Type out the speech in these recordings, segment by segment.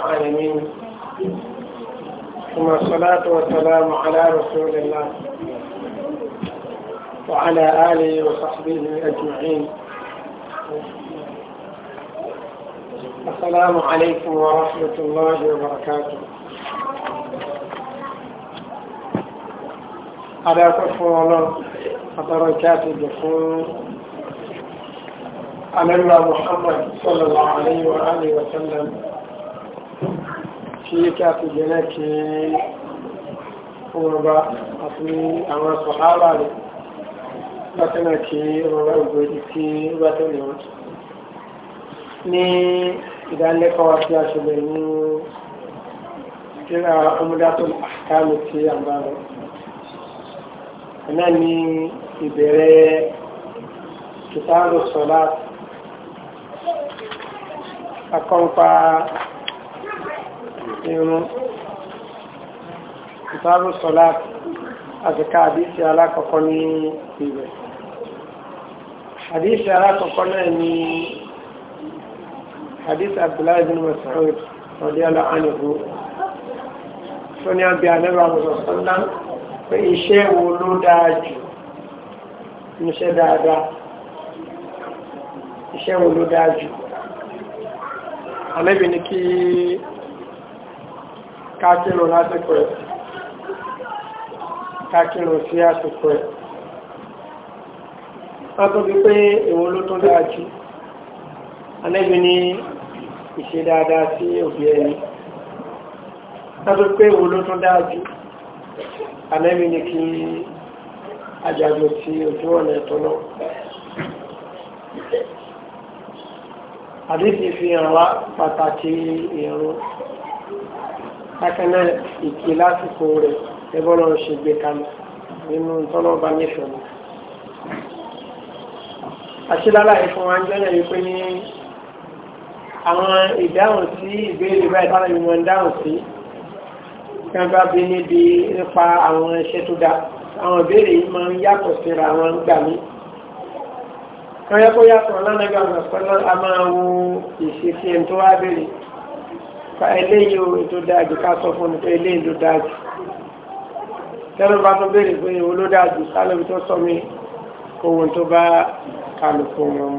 العالمين ثم الصلاة والسلام على رسول الله وعلى آله وصحبه أجمعين السلام عليكم ورحمة الله وبركاته على كفر الله وبركاته بخير على الله محمد صلى الله عليه وآله وسلم kí kí a fi bẹ̀rẹ̀ kí ọmọba àti àwọn sọ̀hárà rẹ̀ bákanáà kí ọmọba ògbóni tí ó bá tẹ̀lé wọn. ní ìdánilẹ́kọ̀ọ́ wa tí a ṣẹlẹ̀ ní kíra ọmọdátọ̀ àkáàmì tí a bá lọ. náà ní ìbẹ̀rẹ̀ kìtàlù sọ̀lá akọ́ńpa irun kìtàbù sọ́lá àtìká àdíṣẹ́ alákọ̀ọ́kọ́ ní ibẹ̀ àdíṣẹ́ alákọ̀ọ́kọ́ náà ni àdíṣẹ́ abdullahi bin Mas'ud radiyallahu anhu tó ní àbí àlẹ́rọ àwọn sọ́lá pé iṣẹ́ wo ló dáa jù níṣẹ́ dáadáa iṣẹ́ wo ló dáa jù àlẹ́bì ní kí káàkiri lásìkò ẹ̀ káàkiri sí àsìkò ẹ̀ wọ́n tó fi pé èwo ló tó dáa jù anẹ́bí ní ìṣe dáadáa sí òbí ẹni wọ́n tó pé èwo ló tó dáa jù anẹ́bí ní kí àjàgbò sí ojú ọ̀nà ẹ̀tọ́ náà àdífi fi hàn wá pàtàkì ìrún bákanáà ìkí lásìkò rẹ̀ ẹgbọ́n náà ṣe gbé kalẹ̀ nínú tọ́lọ́ bá nífẹ̀ẹ́ mi. àṣìlára ìfún wa ń jẹ́ yẹn wípé ní àwọn ìdáhùn sí ìbéèrè báyìí táwọn ìmọ̀ ń dáhùn sí kí wọ́n bá bí níbi nípa àwọn iṣẹ́ tó dáa àwọn ìbéèrè yìí máa ń yàtọ̀ síra àwọn gbà mí kọ́yẹ́kọ́ yàtọ̀ lánàá gbàgbà pẹ́lú a máa ìṣesí ẹni tó wá béèrè pa eléyìí o ètò dájú ká sọ fún mi pé eléyìí ló dájú tẹ́lẹ̀ bá tó béèrè pé ìwọ ló dájú sálọ́bí tó sọ mi ohun tó bá kálukú wọn.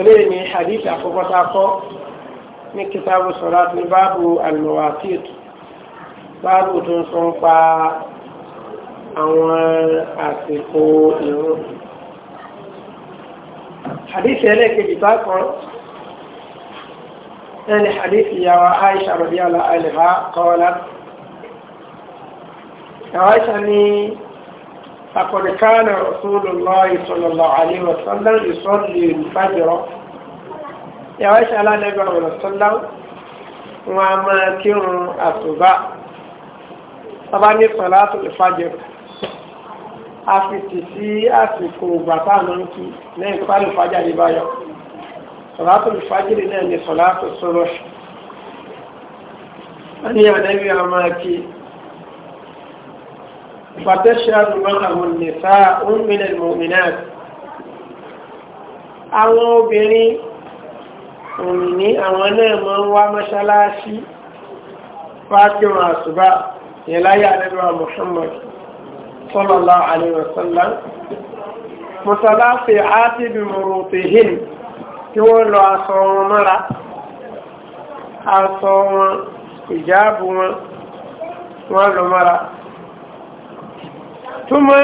eléyìí ni hadith àkọ́kọ́ tá a kọ́ ní kitabu salat ní báàbù al báàbù tó ń sọ ń pa àwọn àsìkò ìrún. حديث ẹlẹ́kejì bá kan حديث hadith ìyàwó aisha radiyallahu anha kọ́ọ́lá aisha ni لقد كان رسول الله صلى الله عليه وسلم يصلي الفجر يا عائشة لا نبي صلى الله عليه وسلم وما كان أصبع طبعا صلاة الفجر a fi tì sí àsìkò bàbá náà ń kí lẹ́yìn tó bá lè fàájà ní báyọ̀ sọ̀rọ̀tò lè fàájìrì náà ní sọ̀rọ̀tò sọ̀rọ̀ wọ́n yà lẹ́bí ọmọ kí fàtẹ́ṣẹ́ àdúgbọ́n àwọn nìfà ń mílẹ̀ àwọn obìnrin òmìnir àwọn náà máa wá mọ́ṣáláṣí fákíwọn àṣùbá yẹ̀láyà lẹ́bí ọmọ Muhammad sallallahu alaihi wasallam mùsàláfì àti bìmùrùtìhìn tí wọ́n lọ aṣọ wọn mọ́ra aṣọ wọn ìjáàbù wọn wọ́n lọ mọ́ra túmọ̀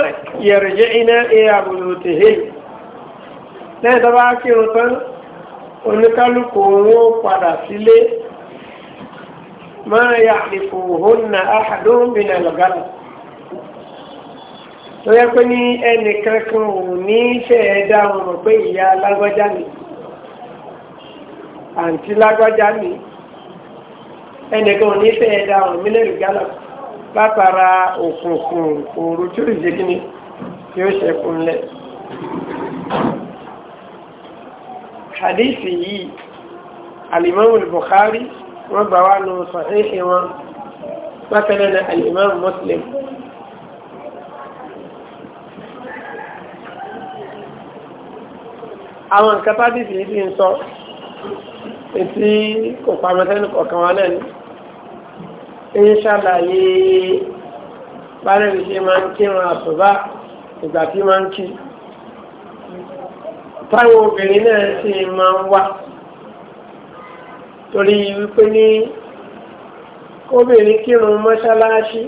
yẹ̀rẹ̀jẹ́ iná ẹ̀yà bìmùrùtìhìn lẹ́yìn tó bá kírun tán oníkálukú wọn padà sílé máa yà àlìfò hùn náà àhàdùn bìnà lọ́gàdùn tó yẹ pé ní ẹnìkan kan ò ní ṣe ẹ̀dá wọn mọ̀ pé ìyá lágbájá ni àǹtí lágbájá ni ẹnìkan ò ní ṣe ẹ̀dá wọn mílíọ̀nù gánà látara òkùnkùn òru tí ó lè ṣe kíni tí ó ṣẹkùn lẹ. hadisi yìí alimami Bukhari wọn gbà wá lọ sọ ẹ̀ṣẹ̀ wọn bákan náà alimami Muslim. àwọn nǹkan tábìsì yìí ti ń sọ etí kò pamẹ́sẹ́nu kọ̀ọ̀kan wa lẹ́nu ń ṣàlàyé bárẹ̀lì ṣe máa ń kírun àsùbá ìgbà tí máa ń kí táwọn obìnrin náà sì máa ń wá torí wípé ní obìnrin kírun mọ́ṣáláṣí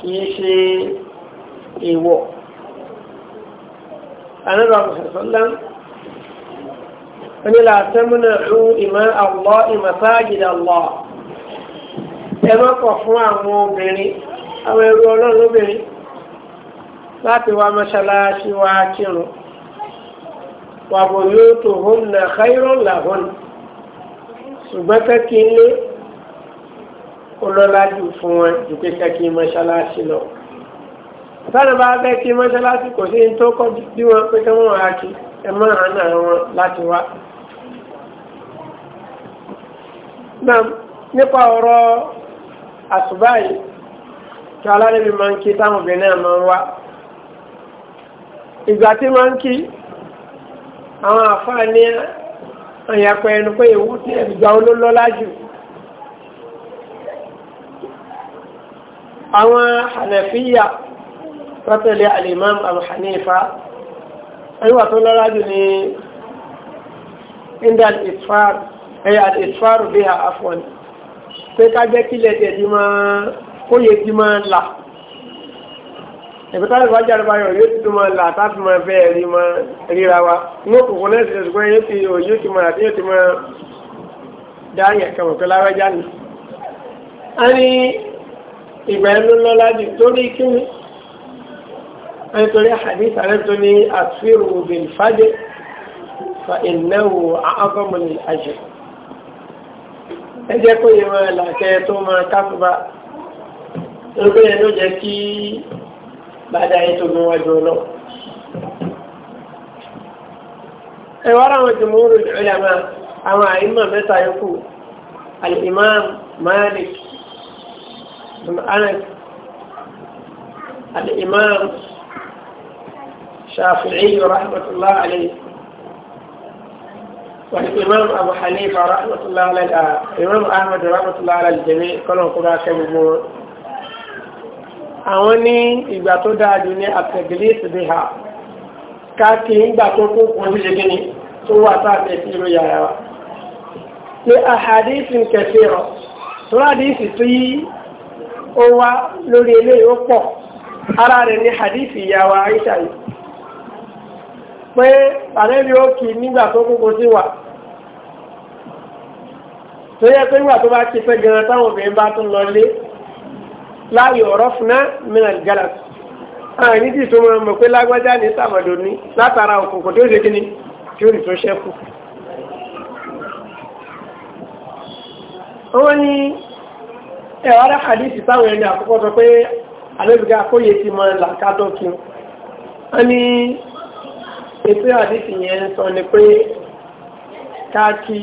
kìí ṣe èèwọ̀. Ànábì sallallahu wọ́n ní la tamna'u ima Allahi masajid Allah ẹ má kọ̀ fún àwọn obìnrin àwọn ẹrú ọlọ́run lóbìnrin láti wá mọ́ṣáláṣí wá kírun wa buyutuhunna khayrun lahunna ṣùgbọ́n kẹ́kí ilé olólájú fún wọn ju pé kẹ́kí mọ́ṣáláṣí lọ. sáré bá bẹ́ẹ̀ kí mọ́ṣáláṣí kò sí ní tó kọ́ bí wọ́n pé kí wọ́n wá kí ẹ má hàn náà wọn láti wá. náà nípa ọ̀rọ̀ àsùbá yìí kí alárẹ́bí máa ń kí táwọn obìnrin náà máa ń wá ìgbà tí máa ń kí àwọn àfáà ní àyàpọ̀ ẹnu pé ìwú tí ẹ̀gbà olólọ́lá jù àwọn hànàfíyà rọ́tẹ̀lẹ̀ alimam Abu Hanifa ẹ̀yíwà tó lọ́lá jù ní indal isfar ẹ̀yà àti ìfàrù bí ha afọ́n pé ká jẹ́ kílẹ̀ tẹ̀ tí máa kó yẹ tí máa là ẹ̀kọ́ táwọn ìwájú àrùbá yọ̀ yóò tún máa là tá fi máa fẹ́ rí máa ríra wa ní òkùnkùn náà sì ṣùgbọ́n yóò ti yóò ti máa àti yóò ti máa dá yẹn kàmọ̀ pé láwájá ni. a ní ìgbà yẹn ló jù torí kí ni a ní torí hadith àrẹ tó ní àtúrò bil fajr fa innahu a'zamu lil ẹ jẹ́ kó yẹ máa làkẹ́ tó máa káfíbá lórí ẹ̀ ló jẹ́ kí bàdá yẹn tó gbọ́n wájú lọ. ẹ wá ra àwọn jùmúrù ìlànà àwọn àìmọ̀ mẹ́ta yòókù al-imam malik bin shafi'i rahmatullah alayhi والإمام أبو حنيفة رحمة الله على الإمام أحمد رحمة الله على الجميع كلهم كما كانوا àwọn ní ìgbà tó dáa jù ní àtẹ̀gìlẹ́sì bí ha káàkiri ìgbà tó kó kún sí ṣegíní tó wà sáàtẹ̀ sí ìrò yàrá wa pé àhàdísì ń kẹfẹ́ rọ tó àdísì tó yí ó wá lórí ilé ó pọ̀ ara rẹ̀ ní àdísì ìyàwó àìṣà yìí pé àrẹ́bí ó kì nígbà tó kó kún sí wà tó yẹ pé nígbà tó bá ti fẹ́ gan táwọn obìnrin bá tún lọ lé láàyò ọ̀rọ̀ fúnná mìíràn gàlà àwọn tí tó mọ̀ mọ̀ pé lágbájá ní sàmọ̀dò ní látara òkùnkùn tó ṣe kí ni tí ó rí tó ṣẹ́kù. wọ́n ní ẹ̀wọ́n rẹ̀ hadith táwọn ẹni àkọ́kọ́ sọ pé alẹ́bìgá kóyè ti mọ làkàtọ̀ kí wọ́n ní ètò hadith yẹn sọ ni pé káàkiri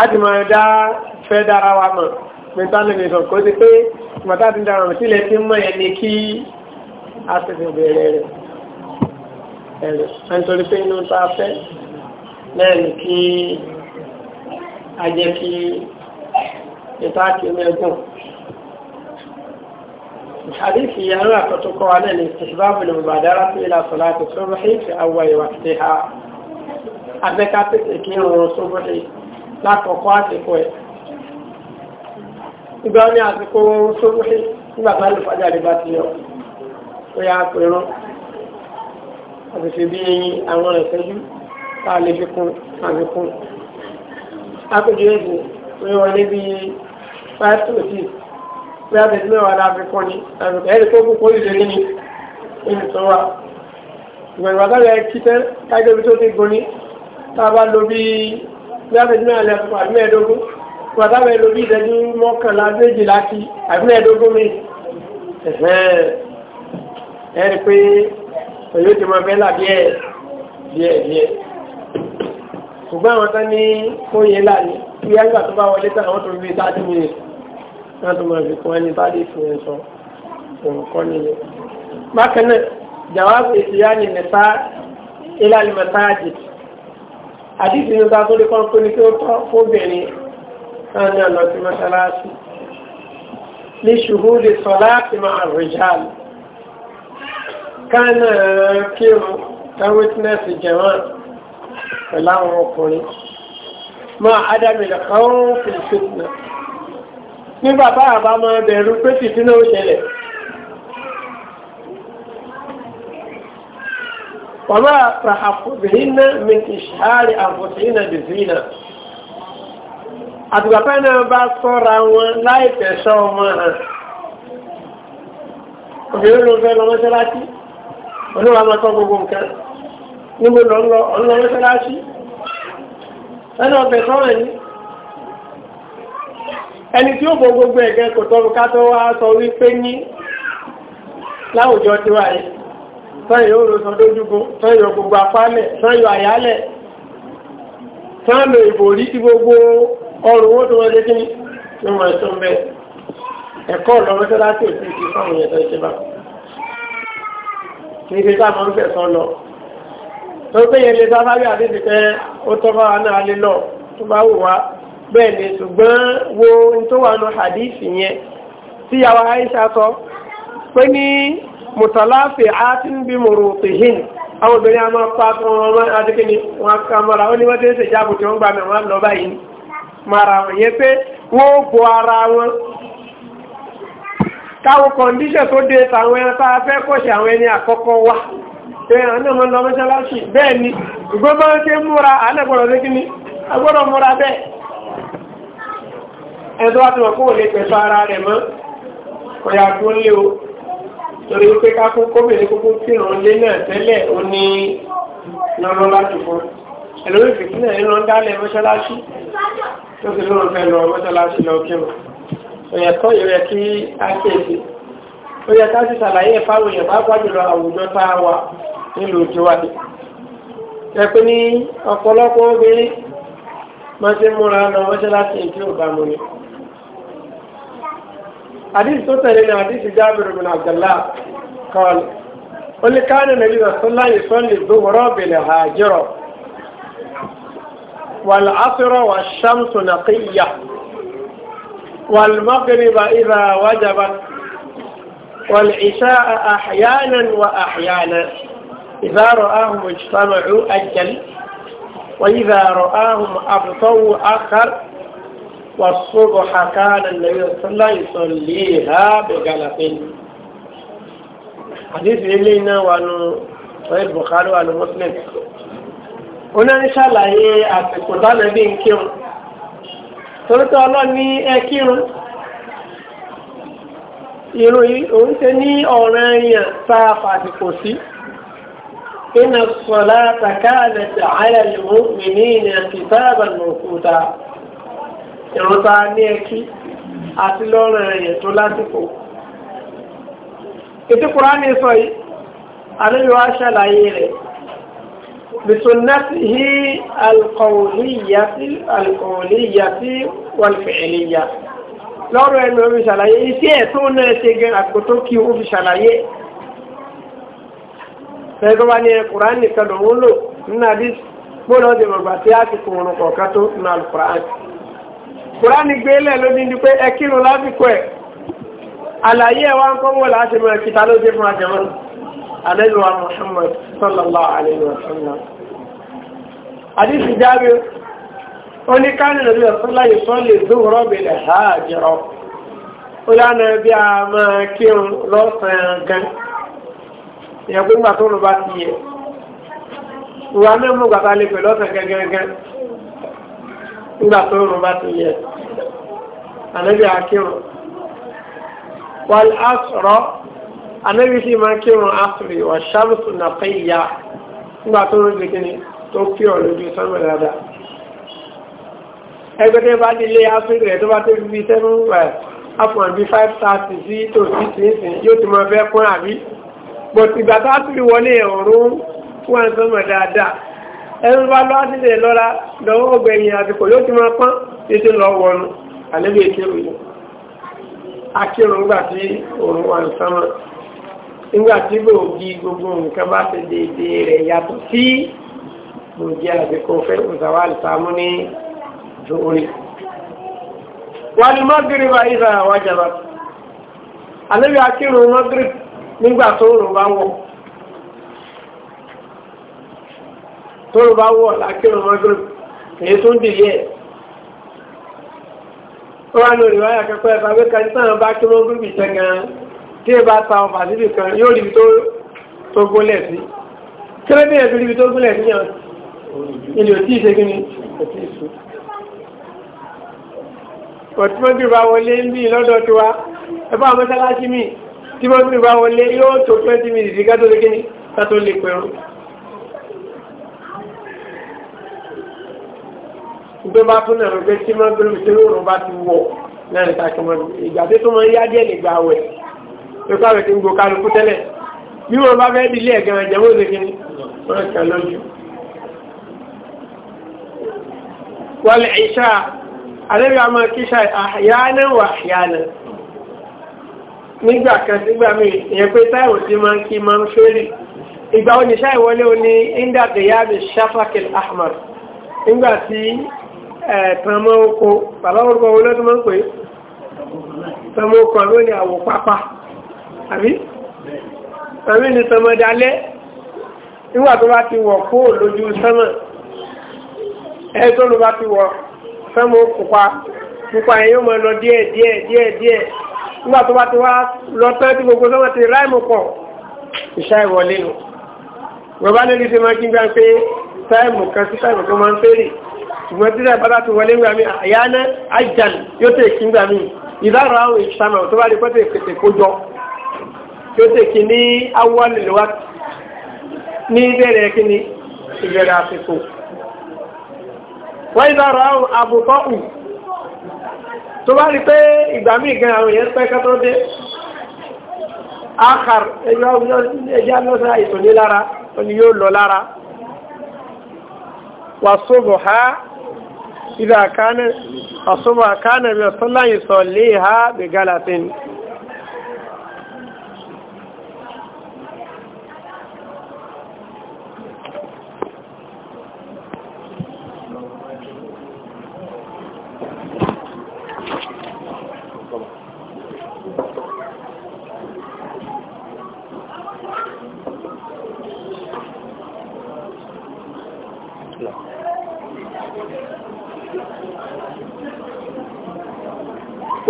àti máa dá fẹ́ dára wa mọ̀ mẹ́tàlẹ́ nìkan kó sí pé màtá ti dára mọ̀ sílẹ̀ tí mọ̀ ẹni kí a ti fi bẹ̀rẹ̀ rẹ̀ ẹ̀rẹ̀ nítorí pé inú ta fẹ́ lẹ́yìn kí a jẹ́ kí ìta kí mẹ́gùn الحديث يروى كتوكو عن الاستحباب المبادرة إلى صلاة الصبح في أول وقتها أذكرت إكيم الصبح lákọ̀ọ́kọ́ àsìkò ẹ̀ ìgbà ní àsìkò sórúhé nígbà tá lùfàjà lè bá ti yọ ó yà á pèrò àtìsí bí eyín àwọn ìṣẹ́jú tá a lè fi kún àmì kún ápèjì èdè pé wọn níbi five to six pé àtẹ̀sí mẹ́wàá dá fi kún ni àmì ẹ̀rí tó kú kó ìṣẹ́jú ni ìlú tó wà ìgbà ìgbà tá a lè kí tẹ́ kájọ́bí tó ti gbóni tá a bá lo bíi mẹ́rin náà lẹ́kọ̀ọ́ àbí mẹ́ẹ̀ẹ́dógún pàtà bẹ́ẹ̀ lórí ìdẹ́jú mọ́kànlá méjìlá kí àbí mẹ́ẹ̀ẹ́dógún mi ẹ rí pé òye ti mọ bẹ́ẹ̀ làbí ẹ̀ díẹ̀ díẹ̀ ṣùgbọ́n àwọn tán ní kóyè láàyè kí ẹgbà tó bá wọlé tán àwọn tó ń bí sáájú mi náà tó mọ̀ fi kún ẹni bá lè fún ẹ sọ òǹkọ́ nìyẹn. bákan náà jàwá èsì yá ni mẹ́ta ilá ni mẹ́ta àjèjì àdìsí nípa tó lè kọ́ ní kí ó tọ́ fóbìnrin náà ní ọ̀nà tí mọ́ṣáláṣí ní ṣùgbú lè sọ láti máa rìjáàlì kánà kírun táwítínẹ́sì jẹ̀wọ́n pẹ̀lú àwọn ọkùnrin máa ádámìlẹ̀ kan fìlìfìtìnà nígbà bá àbámọ́ bẹ̀rù pé fìtínà ó ṣẹlẹ̀ وما تحفظهن من إشهار أنفسهن بالزينة àtùgbàpá náà bá sọ́ra wọn láì tẹ̀ṣọ́ ọmọ hàn obìnrin ló fẹ́ lọ mọ́ṣáláṣí olúwa máa tọ́ gbogbo nǹkan níbo lọ lọ ọlọ́ mọ́ṣáláṣí ẹni ọ̀bẹ̀ sọ́rọ̀ ní ẹni tí ó bọ gbogbo ẹ̀gẹ́ kò tọ́ ká tó wá sọ wípé ní láwùjọ tiwa yìí tán yóò rò sàn lójúgo tán yóò gbogbo apálẹ̀ tán yóò àyálẹ̀ tán lo ìbòrí tí gbogbo ọrùn owó tó wọlé kí ni tó mọ̀ ẹ̀sọ́ mẹ́ ẹ̀kọ́ lọ́wọ́ tó láti òfin ti fáwọn èèyàn tó ṣe bá kí ni ká máa ń fẹ̀sán lọ tó pé yẹn lè sáfárì àdéhùn pé ó tọ́ fáwọn náà lé lọ tó bá wù wá bẹ́ẹ̀ ni ṣùgbọ́n wo ohun tó wà nù hadith yẹn tí yàrá Aisha sọ pé ní mùtàláfẹ́ àti bí mùrùtìhìn àwọn obìnrin a máa pa tó wọn wọn ni wọn ká mọ́ra ó ní wọ́n tẹ́sẹ̀ jáàbù tí wọ́n gbà mẹ́ mara wọn yẹ pé bo ara wọn ka kọ̀ndíṣẹ̀ tó dé tàwọn a fẹ́ kọ̀ṣẹ̀ àwọn ẹni àkọ́kọ́ wá ẹran náà mọ́ ni torí pé kákó kóbìnrin kókó tí ràn lé náà tẹ́lẹ̀ ó ní lọ́rọ́ láti fún ẹ̀lórí fìtínà ìran ń dálẹ̀ mọ́ṣáláṣí tó fi lóun fẹ́ lọ mọ́ṣáláṣí lọ kírun ẹ̀kọ́ ìrẹ́ kí á kéèké ó yẹ ká sì ṣàlàyé fáwọn èèyàn bá gbájúlọ àwùjọ tá a wà nílùú tiwájú ẹ pé ní ọ̀pọ̀lọpọ̀ obìnrin máa ṣe múra lọ mọ́ṣáláṣí tí ò ni. حديث سوتر حديث جابر بن عبد الله قال قل كان النبي صلى الله عليه وسلم يصلي الظهر بالهاجر والعصر والشمس نقية والمغرب إذا وجبت والعشاء أحيانا وأحيانا إذا رآهم اجتمعوا أجل وإذا رآهم أبطوا آخر والصبح كان النبي صلى الله عليه وسلم يصليها بقلق حديث إلينا وأنه صحيح البخاري وأنه مسلم هنا إن شاء الله هي أتقضى نبي كيرو torótọ́ ọlọ́ni ẹkírun irun òun tẹ ní ọ̀rẹ́ èèyàn sáà fàtìkò sí iná sọ̀lá takáàlẹ̀ tààlẹ̀ lè mú mi ní ìrìn àti sáàbà lòkúta ìrun tá a ní ẹkí àti lọ́rùn ẹ̀yẹ̀ tó lásìkò ètò kùránì sọ yìí àníyàn ṣàlàyé rẹ̀ بسنته القولية القولية والفعلية lọ́rọ̀ ẹnu omi ṣàlàyé iṣẹ́ ẹ̀ tó náà ṣe gẹ àkótó kí ó fi ṣàlàyé ẹgbẹ́ wa ní Kùránì kùránì gbé lẹ̀ lóbi ní pé ẹ kírun lásìkò ẹ̀ àlàyé ẹ̀wà ń kọ́mọ̀ láti mọ̀ ìkìta ló dé fún àjẹmọ́ àlẹ́lùwà Muhammad sallallahu alayhi wa sallam àdísì jáde ó ní káàní lórí ọ̀sánlá ìsọ́ lè dóhùrọ̀ bẹ̀lẹ̀ ha àjẹrọ ó lánà bí a máa kírun lọ́sàn-án gan ìyàgbé ńgbà tó lọ bá ti yẹ ìwà náà ànábì akírun wal asra ànábì sì máa kírun asri wà shamsu naqiya nígbà tó ń gbé kíni tó kí ọ̀ lójú sánmà dáadáa ẹgbẹ́ tó bá nílé asiri rẹ̀ ba bá tó fi sẹ́fún afọ̀n bí five thirty sí tó sí sí sí yóò ti máa fẹ́ kún àbí bọ̀tì ìgbà tó asiri wọlé ọ̀run fún àǹsánmà dáadáa ẹnu bá lọ́ àti lè lọ́wọ́ ọgbẹ̀yìn àsìkò yóò ti máa pọ́n títí lọ wọnú àlébí èkérò yìí akérò ńgbà tí òun wà sánmà ńgbà tí gbòógì gbogbo nǹkan bá ti dèdè rẹ̀ yàtọ̀ sí gbòógì àbíkó fẹ́ òǹtàwà àlùsàmú ní jòórí wàlú mọ́gírí bá ìzà wájàbá àlébí akérò mọ́gírí nígbà tó rùn bá wọ̀ tó rùn bá wọ̀ ó wá lórí wáyà kẹ́kọ́ ẹ̀fà pé kan tán bá kí wọ́n gbígbì tẹ́ gan tí ẹ bá ta ọ̀fà síbì kan yóò rí ibi tó gúnlẹ̀ sí kí ló dé ẹ̀fì rí ibi tó gúnlẹ̀ sí yàn ilé òtí ìṣe kí ni òtí ìṣú òtí wọ́n gbé bá wọlé ń bí lọ́dọ̀ tí wá ẹ̀fọ́ àmọ́sálásí mi tí wọ́n gbé bá wọlé yóò tó twenty minutes ká tó lé kí ká tó lè pẹ̀rún gbé bá tún nàró pé tí máa gbèrú sí òòrùn bá ti wọ̀ náà nípa ìṣọmọ ìgbà tó tún máa yá díẹ̀ nígbà wẹ̀ tó káwé tí ń go kálukú tẹ́lẹ̀ bí wọn bá fẹ́ dilé ẹ̀gán ẹ̀jẹ̀ wọ́n ṣe kíni wọ́n kàn lójú. wal isha àlejò àmọ́ kíṣà àyáná wà àyáná nígbà kan sígbà mi ìyẹn pé táìwò tí máa ń kí máa ń fẹ́rì ìgbà oníṣà ìwọlé oní india shafakil ahmar nígbà tí ẹ̀ẹ̀tàn mọ́ oko oko ní àwò pápá àbí àmì ní tọmọ dalẹ́ tó bá ti wọ̀ kó lójú sánmà ẹ tó ló bá ti wọ̀ sánmà pupa pupa yẹn yóò lọ díẹ̀ díẹ̀ díẹ̀ díẹ̀ ṣùgbọ́n tí náà bàbá tó wọlé ńgbà mí àyà náà àjàn yóò tẹ̀ kí ńgbà mí ìdára àwọn ìṣàmà tó bá rí pẹ́tẹ́ pèsè kójọ yóò tẹ̀ kí ní awọ́lì lọ́wọ́ ní bẹ̀rẹ̀ kí ní ìbẹ̀rẹ̀ àsìkò. wọ́n ìdára àwọn àbùkọ́ ù tó bá rí pé ìgbà mí gan àwọn èèyàn pẹ́ kátó dé ákàr ẹjọ́ lọ́sẹ̀ àìsàn ní lára wọn ni yóò lọ lára wàsóbò ha إذا كان الصبح كان من الصلاة يصليها بجلس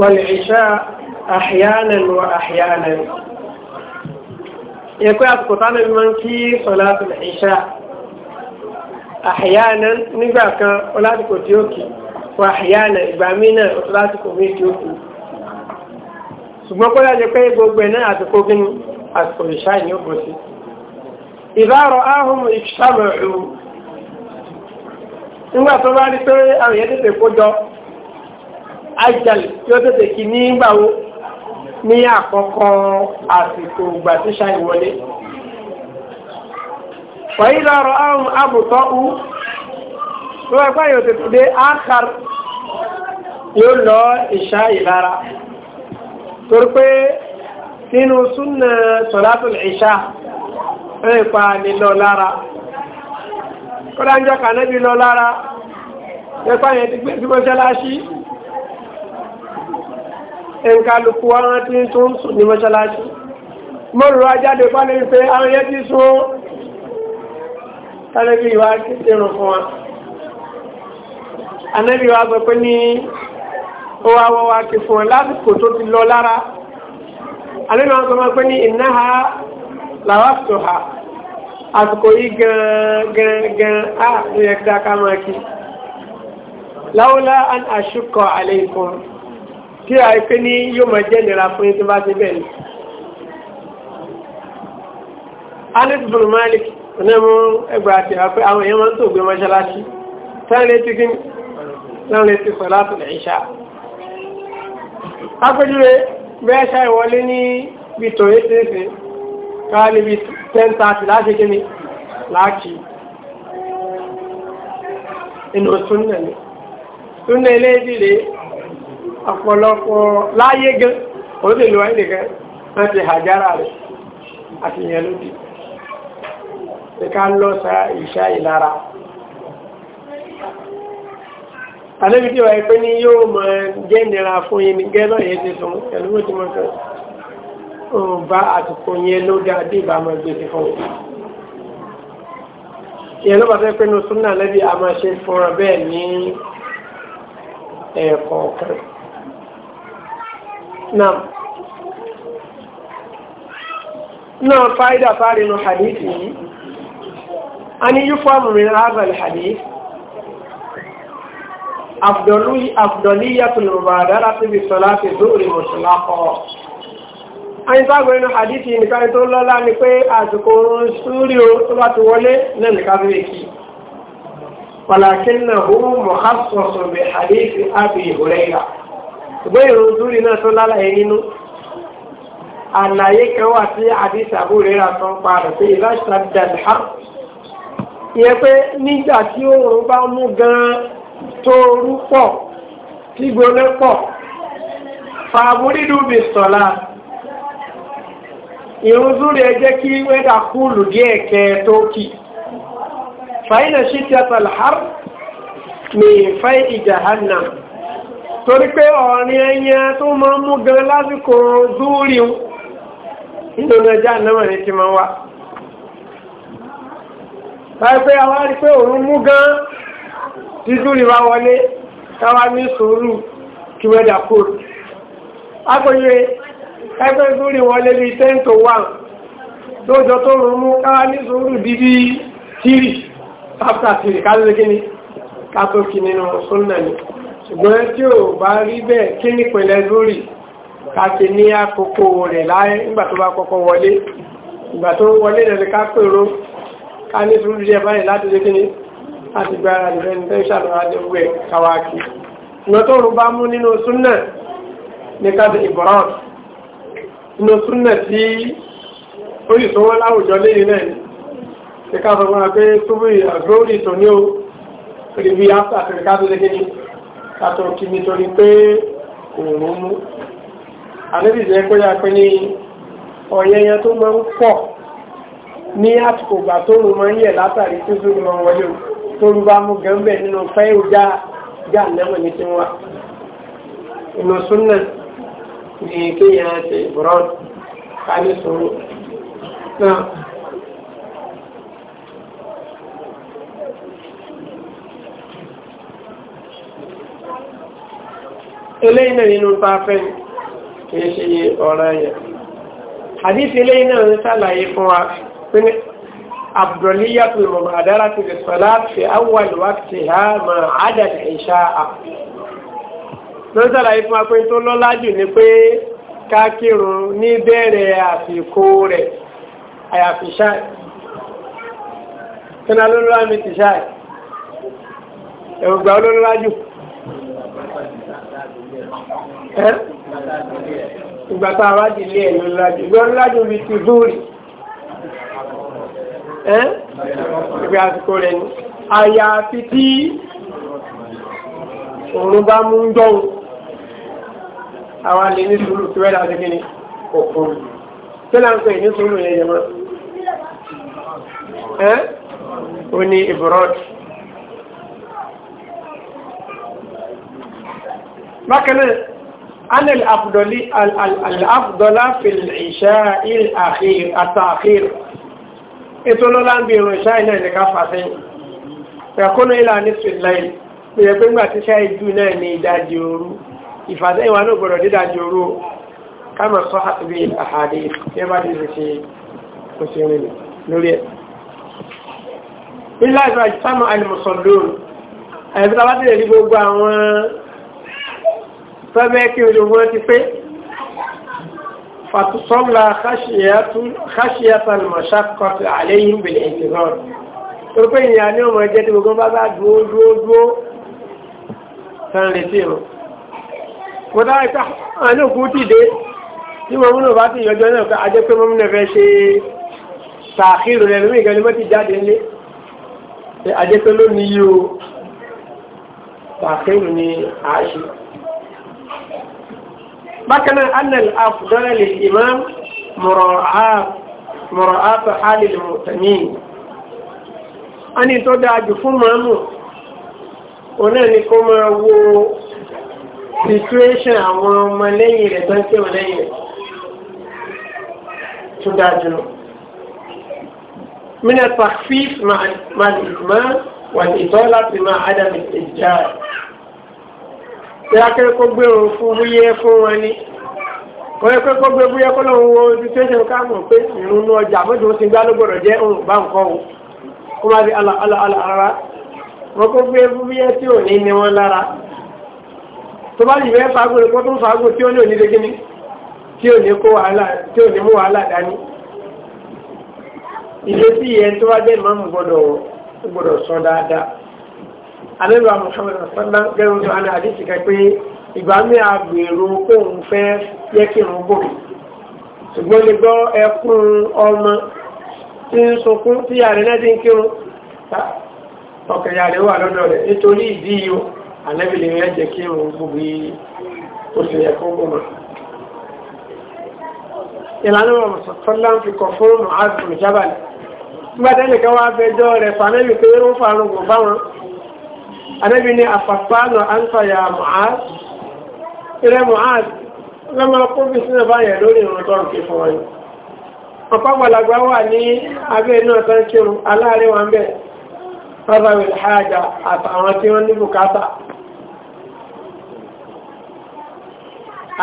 والعشاء أحيانا وأحيانا يكون أسقطان المنكي صلاة العشاء أحيانا نبقى صلاة كتيوكي وأحيانا إبامينا صلاة كميتيوكي ṣùgbọ́n kó yájẹ́ pé gbogbo ẹ̀nà àtìkò gínú àtìkò ìṣá ìní ògbò sí ìbárọ̀ áhùn ìṣàmọ̀ ìrù nígbà tó bá rí pé àwọn èyẹ́ tètè kó jọ ajal tí ó tètè kí ní ìgbàwó ní àkọ́kọ́ àsìkò ìgbà tí ṣáà ìwọlé wàyí lọ́rọ̀ àrùn àbùtọ́ u tó wá pààyàn tètè dé ákàr yóò lọ ìṣá ìlara torí pé nínú súnà sọ̀látùl ìṣá rẹ̀ pa nílọ lára kọ́dá ń jọ kànábì lọ lára ẹ̀pá yẹn ti gbé ẹnkálukú àwọn tí ń tún sùn ní mọ́ṣáláṣí mọ́rùn ajáde pálẹ̀ ìfẹ́ àwọn yẹn ti sún tálẹ́bí ìwá kìtìrùn fún wa anẹ́bí wa gbọ́ pé ní owó awọ́ wa ti fún ẹ lásìkò tó ti lọ lára anẹ́bí wa gbọ́ pé ní iná ha làwàtò ha àsìkò yìí gan-gan-gan á ah, ní ẹ̀dá ká máa kí láwọ́lá an àṣùkọ̀ àlẹ́ ìkọrùn kí a pé ní yóò mọ̀ jẹ́ ìlera fún yín tó bá ṣe bẹ́ẹ̀ ni. Anas bin Malik ní mú ẹgbà àti àpẹ àwọn èèyàn máa ń tògbé mọ́ṣáláṣí sáré tí kí lọ́rẹ̀ ti sọ láti lè inú súnnà ni. Súnnà ilé ìdílé ọ̀pọ̀lọpọ̀ láyé gan orílẹ̀-èdè wáyé nìkan wọ́n ti hàjára rẹ̀ àti ìyẹn lódì ìka lọ sa ìṣá ìlara alẹ́bí tí wáyé pé ní yóò mọ̀ jẹ́ ìnira fún yín ní gẹ́lọ́ yẹn ti sùn pẹ̀lú ó ti mọ̀ sọ bá àtùkù yẹn ló dá dé ìbámu gbèsè fún yín ìyẹn ló bá fẹ́ pé ní súnà lẹ́bí a máa ṣe fúnra bẹ́ẹ̀ ní ẹ̀ẹ̀kọ̀ọ̀kan náà náà fáídà fárí nù hadithi yìí a ní yí fọ́ọ̀mù min hazal hadith afdoliyatul mubadara ti bi salati zuhri mutlaqo ayin tágbé inú hadithi nìkan tó lọ́lá ni pé àsìkò oorun súúrí o tó bá ti wọlé náà nìkan tó lè bi hadithi abi hurayra ṣùgbọ́n ìrun zúrì náà tó lálàyé nínú àlàyé kan wà sí àdìsí àbúrérà tó ń pa rẹ̀ pé ìlàṣà dàdà ìyẹn pé nígbà tí oòrùn bá mú gan-an tó rú pọ̀ tí gbóná pọ̀ fàbúrídù bí sọ̀la ìrun zúrì ẹ jẹ́ kí wẹ́dà kúlù díẹ̀ kẹ́ tó kì fàyínà ṣí tí a mi fẹ́ ìjà hannah torí pé ọ̀rin ẹyẹ tó máa mú gan lásìkò zúúrí inú ẹjá náà ní ti máa wá láì pé a wá rí pé òun mú gan tí zúúrí bá wọlé káwá ní sùúrù kí wẹ́dà kúrò ẹgbẹ́ zúúrí wọlé bí 10 to 1 tó mú káwá ní sùúrù tírì nínú ni ṣùgbọ́n tí ò bá rí bẹ́ẹ̀ kí nípìnlẹ̀ lórí káti ní àkókò rẹ̀ láyé nígbà tó bá kọ́kọ́ wọlé ìgbà tó wọlé rẹ̀ ká pèrò ká ní sùúrù díẹ̀ báyìí láti lé kíní láti gba ara rẹ̀ ní tẹ́ṣà lọ́wọ́ adéwú ẹ̀ káwáàkì ìgbọ́n tó rùn bá mú nínú súnà ní káti ìbọ̀rán nínú pé túbú àgbóòrì tó ní ó rí bí áfà àfẹ́ríkà tó lé kíní kátó kí nítorí pé òòrùn mú àníbìjẹ́ pé yá pé ní ọ̀yẹyẹ tó máa ń pọ̀ ní àsìkò ìgbà tó rùn máa ń yẹ̀ látàrí tó tó rùn wọlé o tó rú bá mú gẹ́ńbẹ̀ nínú fẹ́ ìjà já lẹ́wọ̀n ní ti wá inú súnà ní kéèyàn ṣe ìbúrọ́ọ̀dù ká ní náà. eléyìí náà nínú bá fẹ́ kìí ṣe ọ̀rọ̀ ẹ̀yẹ hadith eléyìí náà ń sàlàyé fún wa pé abdulliya tó mọ̀ àdára ti fi sọ́lá fi awwal waqtiha ma ada al-isha ló sàlàyé fún wa pé tó lọ́lá jù ni pé kákírun ní bẹ̀rẹ̀ àsìkò rẹ̀ àyàfi ṣáà kí ni alólùwà mi ti ṣáà ẹ̀rùgbà olólùwà jù ìgbà tá a wá di ilé ẹ̀ ló lájú ìgbà lájú mi ti lórí ìgbà àsìkò rẹ̀ ni àyàfi tí òun bá mú ń dọ́hùn àwọn alẹ́ ní sùúrù tí wẹ́dà sí kíni òkun tí là ń pè ní sùúrù yẹn yẹn mọ́ ó ní ìbúrọ́dì bákanáà anil afdoli al-afdola fil isha il akhir atakhir ètò lọ́la ń bí irun isha iná ìdíká fàṣẹ́yìn ẹ̀kọ́nà ilá ní sùláì pẹ̀lú pé ńgbà tí isha ìjú náà ní ìdájí òru ìfàṣẹ́yìn wa náà gbọ́dọ̀ dídájí òru kama sọ àtúbí àhàdé sábẹ́ kí olówó ti pé fàtúsọ́lá káṣíyàtà mọ̀ṣákọ̀tì àléyìn bìlẹ̀ ìtìrọ̀n tó pé ìyá ní ọmọ ẹjẹ́ tí gbogbo bá bá dúó dúó dúó tán retí o mo dá ìta àwọn òkú dìde tí mo múlò bá ti yọjọ náà بكنا أن الأفضل للإمام مراعاة مراعاة halil mu'tamin أن ní tó dájú fún mọ́mù oná ni kó máa situation àwọn ọmọ lẹ́yìn rẹ̀ tó ń tẹ́wọ̀ lẹ́yìn tó dájú lọ من التخفيف مع الإجمال والإطالة مع عدم الإججال pé akẹ́kọ̀ọ́ kó gbé òun fún búyẹ́ fún wọn ni kò yẹ pé kó gbé búyẹ́ kó lóun wo situation ká mọ̀ pé ìrúnú ọjà mọ́jọ́ ti gbá ló gbọ́dọ̀ jẹ́ òun bá nǹkan o kó má di ala ala ala ara wọn kó gbé búyẹ́ tí ò ní ní wọn lára tó bá yìí mẹ́fà gbòòrò kó tún fàágùn tí ó ní òní dégé ni tí ò ní kó wàhálà tí ò ní mú wàhálà dání ìdí sí ìyẹn tó wá jẹ́ ìmọ̀ gbọ́dọ̀ sọ dáadáa alẹ́lúwa Muhammad asọ́lá gẹ́rù tó hàn àdísì kan pé ìgbà mi àgbèrò òun fẹ́ yẹ kí n bò ṣùgbọ́n lè gbọ́ ẹkún ọmọ tí ń sunkún tí ààrẹ náà ti ń kírun ọkẹ̀ ìyá rẹ̀ wà lọ́dọ̀ rẹ̀ nítorí ìdí yìí àlẹ́bí lè rẹ̀ jẹ́ kí n gbogbo oṣù yẹ kó gbọmọ. ìlànà ọmọ sọ́lá ń fi kọ̀ fún mọ̀ anábì ní àfàfáànà àǹtàyà Mu'az ilẹ̀ Mu'az lọ́mọ kó bí sínú báyẹ̀ lórí ìrùn tó ń ké fún ọyọ́ ọ̀pọ̀ gbàlagbà wà ní abẹ́ náà tó ń kírun aláàrẹ wọn bẹ̀ fọ́sàwì hajj àtàwọn tí wọ́n ní bùkátà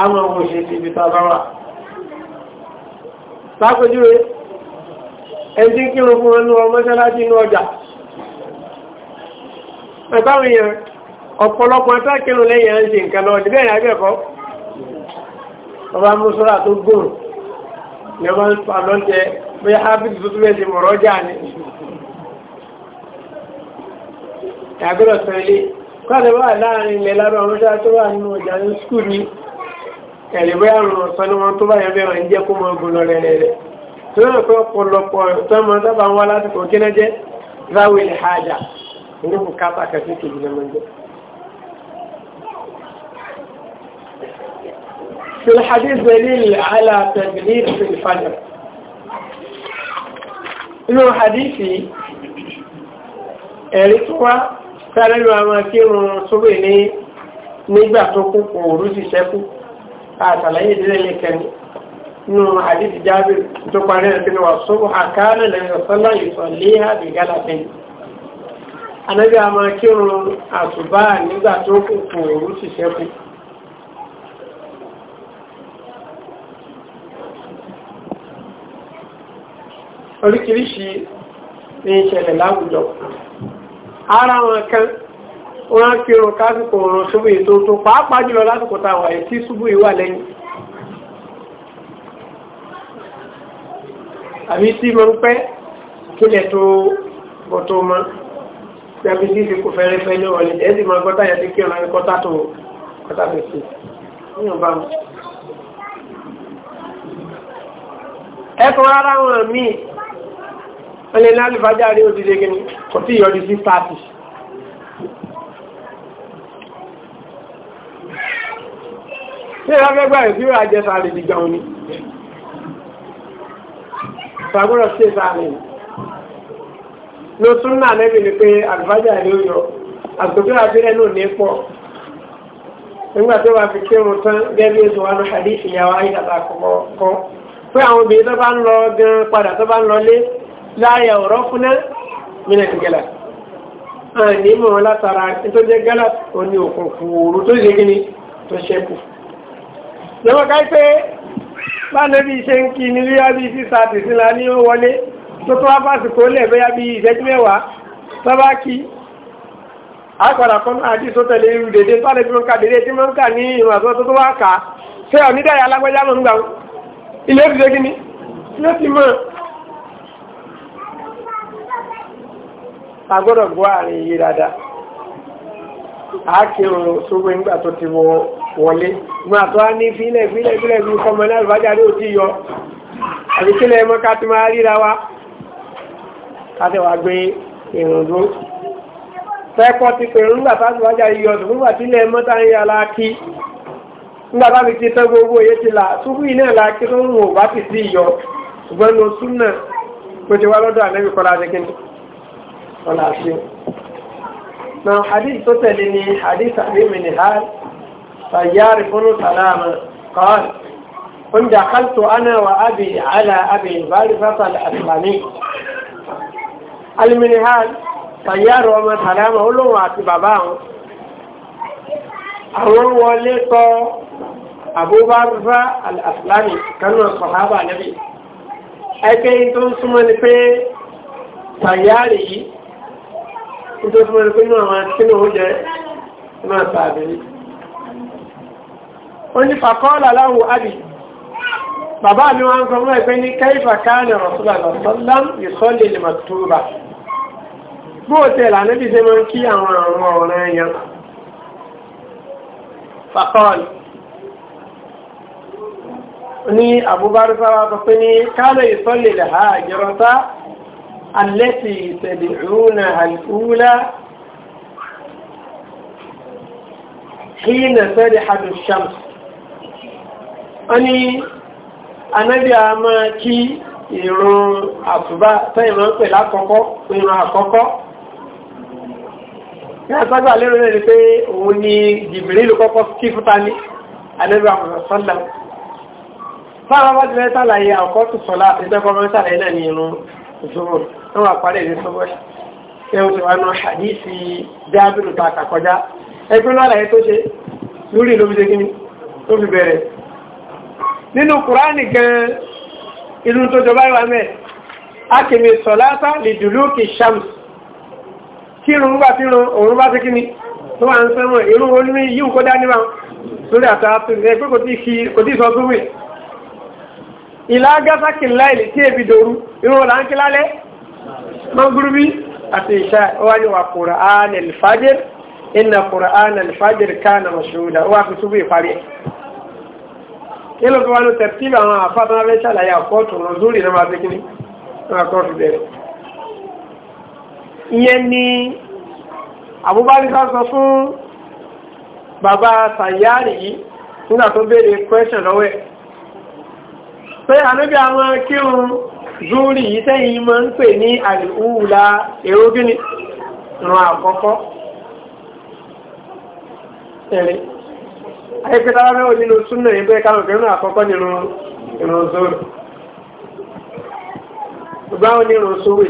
àwọn òṣèlú ti ibi tàbá wà lápẹjúwe ẹni tí kírun fún wọn ní ọmọ mọ́sálásí inú ọjà ẹ̀báwọn èèyàn ọ̀pọ̀lọpọ̀ atákìrún lẹ́yìn à ń ṣe nǹkan lọ́wọ́ níbẹ̀ yàgbẹ́ ẹ̀kọ́ ọba mùsùlá tó gbòòrò ní ọba ń pa lọ́jẹ́ bí ábíd tó tún bẹ́ẹ̀ mọ̀rọ̀ jà ní yàgbẹ́rọ̀ sọ ilé wà láàrin ilẹ̀ lábẹ́ ọmọ tó wà nínú ní ní ní bùkátà kẹsí kejì ní ọmọ jẹ. في الحديث دليل على تدليل في الفجر inú hadithi ẹ̀rí tó wá sárẹ́lú àwọn akírun sóbè ní nígbà tó kú kò rú sí sẹ́kù àtàlàyé ìdílé ní kẹni inú hadithi jábìrì tó parí ẹ̀rí tó wà sóbò àkáàlẹ̀ lẹ́yìn ọ̀sánlá ìsọ̀lé àbìgálà tẹ́yìn anábí a máa kírun àsùbá nígbà tó kù fún òru sì ṣẹ́kù oríkìríṣi ní ìṣẹ̀lẹ̀ láwùjọ ara wọn kan wọ́n á kírun kásìkò òrùn ṣubú ètò tó pàápàá jùlọ lásìkò táwọn àyè tí ìwà lẹ́yìn àbí tí mo pẹ́ kílẹ̀ tó bọ̀ mọ́ tàbí sí ìfikú fẹ́rẹ́fẹ́ ní wọlé ẹ̀ẹ́dì máa gbọ́ta yẹ sí kí ọ̀nà kọ́tà tó kọ́tà tó sí níwọ̀nba wọn. ẹ̀kọ́ ara wọn míì wọ́n lè ní alìfájà rí òdìdè gini kò tí ìyọrí sí pàtì. ṣé ìrákẹ́gbà ìfíwà àjẹsà lè dìgbà òní? ìfàgbọ́dọ̀ ṣe sáà nìyí ló tún náà lẹ́bi ni pé àlùfájà ló yọ àgbègbè àbílẹ̀ náà ní pọ̀ nígbà tó bá fi kírun tán gẹ́gẹ́ bí wọn hadith ìyàwó ayélujára kọ̀ọ̀kọ́ pé àwọn obìnrin tó bá ń lọ gan padà tó bá ń lọlé láàyè ọ̀rọ̀ fúnná mílẹ̀ gẹ́lá àní mọ̀ wọn látara tó jẹ́ gẹ́lá ò ní òkun kúrú tó ṣe kíní tó ṣẹ́kù lọ́wọ́ ká pé bá nẹ́bí ṣe ń kí nílé ábí sí sáàtì sílá ní ó wọlé tó tó wá bá sì kó lẹ̀ bẹ́yà bí ìṣẹ́jú mẹ́wàá tọ́bá kí àgbàrá kan náà àti tó tẹ̀lé irú dédé tọ́lẹ̀ tí wọ́n ká dédé tí wọ́n ká ní ìwọ̀n àtọ́ tó tó wá alágbẹ́já mọ̀ ilé kí ni ti mọ̀ agbọ́dọ̀ gbọ́ yìí dáadáa nígbà tó ti wọ wọlé àtọ́ ní fílẹ̀ fílẹ̀ fílẹ̀ yọ àbíkílẹ̀ mọ́ká ti máa ríra wa àtẹwà gbé irun dúró. fẹ́kọ́ ti pèrò nígbà táwọn ìwájà yìí ọdún nígbà tí ilẹ̀ mọ́ta ń yà láàkí nígbà bá mi ti tán gbogbo òye ti là túbú iná láàkí tó ń wò bá ti sí ìyọ ṣùgbọ́n ní oṣù náà kò ti wá lọ́dọ̀ àlẹ́bí kọ́lá adékínní ọ̀là àṣẹ. na ni hadith àbí aliminihal tàyàrọ̀ ọmọ sàlámà olóhùn àti bàbá àwọn àwọn wọlé kọ abúbárúfà al'aslami kanú sọ̀hábà nabi ẹgbẹ́ tó ń súnmọ́ ni pé tàyàrì yìí tó súnmọ́ ni pé ní àwọn sínú oúnjẹ náà sàbẹ̀rí ó ní fàkọ́ọ̀lá láhùn àbì bàbá mi wọ́n ń sọ mọ́ ẹgbẹ́ ní káìfà káàlẹ̀ rọ̀sùlá lọ́sọ́lá ìsọ́lẹ̀ lè màtúrà bóòtẹ́ lànẹ́bí ṣe mọ́ kí àwọn àwọn ọ̀rẹ́ ẹ̀yàn fàkọ́ọ̀lù ní àbúbárí sára tó pé ní kálẹ̀ ìsọ́lẹ̀ lẹ́ha àjọrọta alẹ́tì ìtẹ̀lẹ̀rúnà alìkúlá hínà sẹ́dẹ̀ hadusham ọni anẹ́bí a máa kí ìrun àtúbá tẹ́ ìmọ̀ pẹ̀lá àkọ́kọ́ ìyàtọ́gbà lérò rẹ̀ ni pé òun ni jìbìrí ló kọ́kọ́ kí fúta ní alẹ́bàá sọ́lá fáwọn bá ti rẹ̀ sàlàyé àkọ́ tó sọ́lá ìgbẹ́kọ́ mọ́ sàlàyé náà ní irun ìṣòro tó wà parí ní sọ́bọ̀ ẹ̀ ó ti wà náà hadisi dábìlù ta kàkọjá ẹgbẹ́ náà láyé tó ṣe shams kírun gbà kírun òun bá ti kíni tó wà ń sẹ́wọ̀n irú onímí yíò kó dá níwá lórí àtàtù ní ẹgbẹ́ kò tí sọ súnmù ìlà gásákì láìlì tí èbì dòru irú ọ̀là ń kí lálẹ́ mọ́gúrúbí àti ìṣà wáyé wà Qur'an al-fajr inna Qur'an al-fajr kana mashhuda ó wà fi súnmù ìparí ìyẹn ni àbúbáríkà sọ fún bàbá sàyárì yìí nígbà tó béèrè question lọ́wọ́ ẹ̀ pé ànábì àwọn kírun zúrì yìí sẹ́yìn mọ́ ń pè ní àlùhùlà èrò gíní ìran àkọ́kọ́ ẹ̀rẹ́ ayẹ́kẹta mẹ́wọ́ nínú súnà ẹgbẹ́ kánà pẹ̀lú àkọ́kọ́ nínú ìrùn zúrì gbáwọn nínú sówè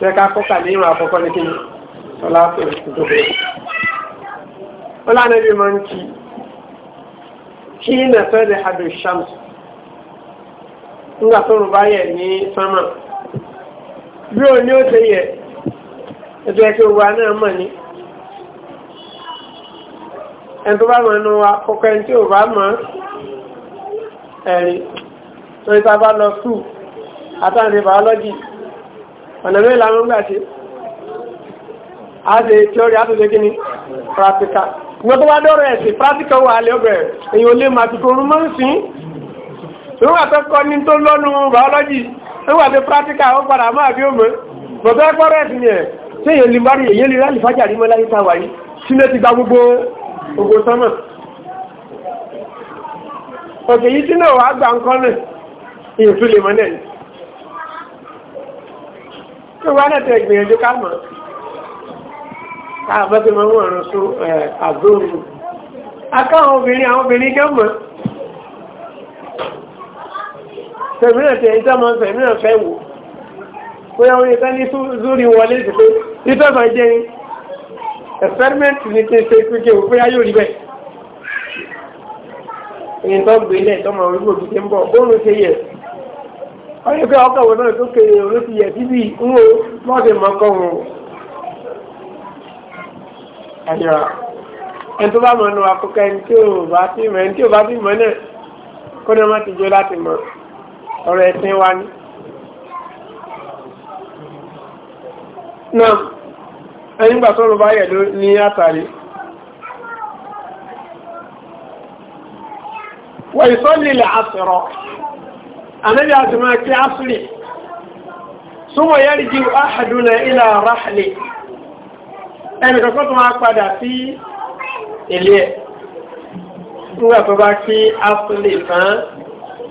tẹ ká kọ́kà ní ìwà àkọ́kọ́ ní kíni ọlá tó tó bẹ̀rẹ̀. ọlá níbi mọ́ ń kí kí ní ẹ̀fẹ́ rẹ̀ àdó shams ńgbà tó rùn bá yẹ ní sánmà o ní ó ti yẹ ẹjọ́ ẹ̀kẹ́ òwúwa náà mọ̀ ní ẹni tó bá mọ̀ nínú wa kọ́kọ́ ẹni tí ò bá mọ̀ ẹ̀rí torí ta bá lọ sùn àtàrí biology ọ̀nà mẹ́lá ló gbà ṣe a ṣe tíọ́rì àtúnṣe kí ni practical wọ́n tó bá dọ́rọ̀ ẹ̀sìn practical wà lé ọgbẹ̀ èyí ò lè máa ti korun mọ́ sí nígbà tó ní tó lọ́nu biology nígbà tó practical ó padà máa bí ó mọ́ bọ̀tọ́ ẹgbọ́rọ̀ ẹ̀sìn ni ẹ̀ tí èyí lè bá rí èyí lè rálì fájà rí mọ́ láyé tá wáyé yìí tó wá náà tẹ ìgbìyànjú ká mọ̀ káàbọ̀ tí mo ń wọ̀n sún àgbóhùn akáwọn obìnrin àwọn obìnrin kẹ́ mọ̀ tẹ̀mínà tẹ̀ ìtọ́mọ̀ tẹ̀mínà fẹ́ wò bóyá orí ìtọ́ ní zúrí wọlé sí pé ìtọ́mọ̀ jẹ́ experiment ní kí n ṣe kíkẹ́ òfin ayé òrí bẹ́ẹ̀ ìyẹn tó gbé ilẹ̀ ìtọ́mọ̀ orí gbòógì tí ń bọ̀ bóòrùn ṣe yẹ̀ wọ́n yẹ pé ọkọ̀wé náà tó kéré òun ti yẹ síbi ń wo mọ́ọ̀dé mọ́kọ́ wọn. ẹ̀yà ẹni tó bá mọ̀ nù akókò ẹni tí ò bá ti mọ̀ ẹni tí ò bá ti mọ̀ náà kó ní ọmọ ti jó láti mọ̀ ọ̀rọ̀ ẹ̀sìn wa ni. náà ẹni gbà sọ̀rọ̀ bá yẹ̀ ní àtàrí. wọ́n ìsọ́lì lè àṣẹrọ̀ annabi a zama ki asiri súnmọ̀ yẹ́rìjì áhàdúnà ilẹ̀ ráhàlì ẹni kọ́kọ́ tó máa padà sí ilé ẹ̀ nígbà tó bá kí asiri tán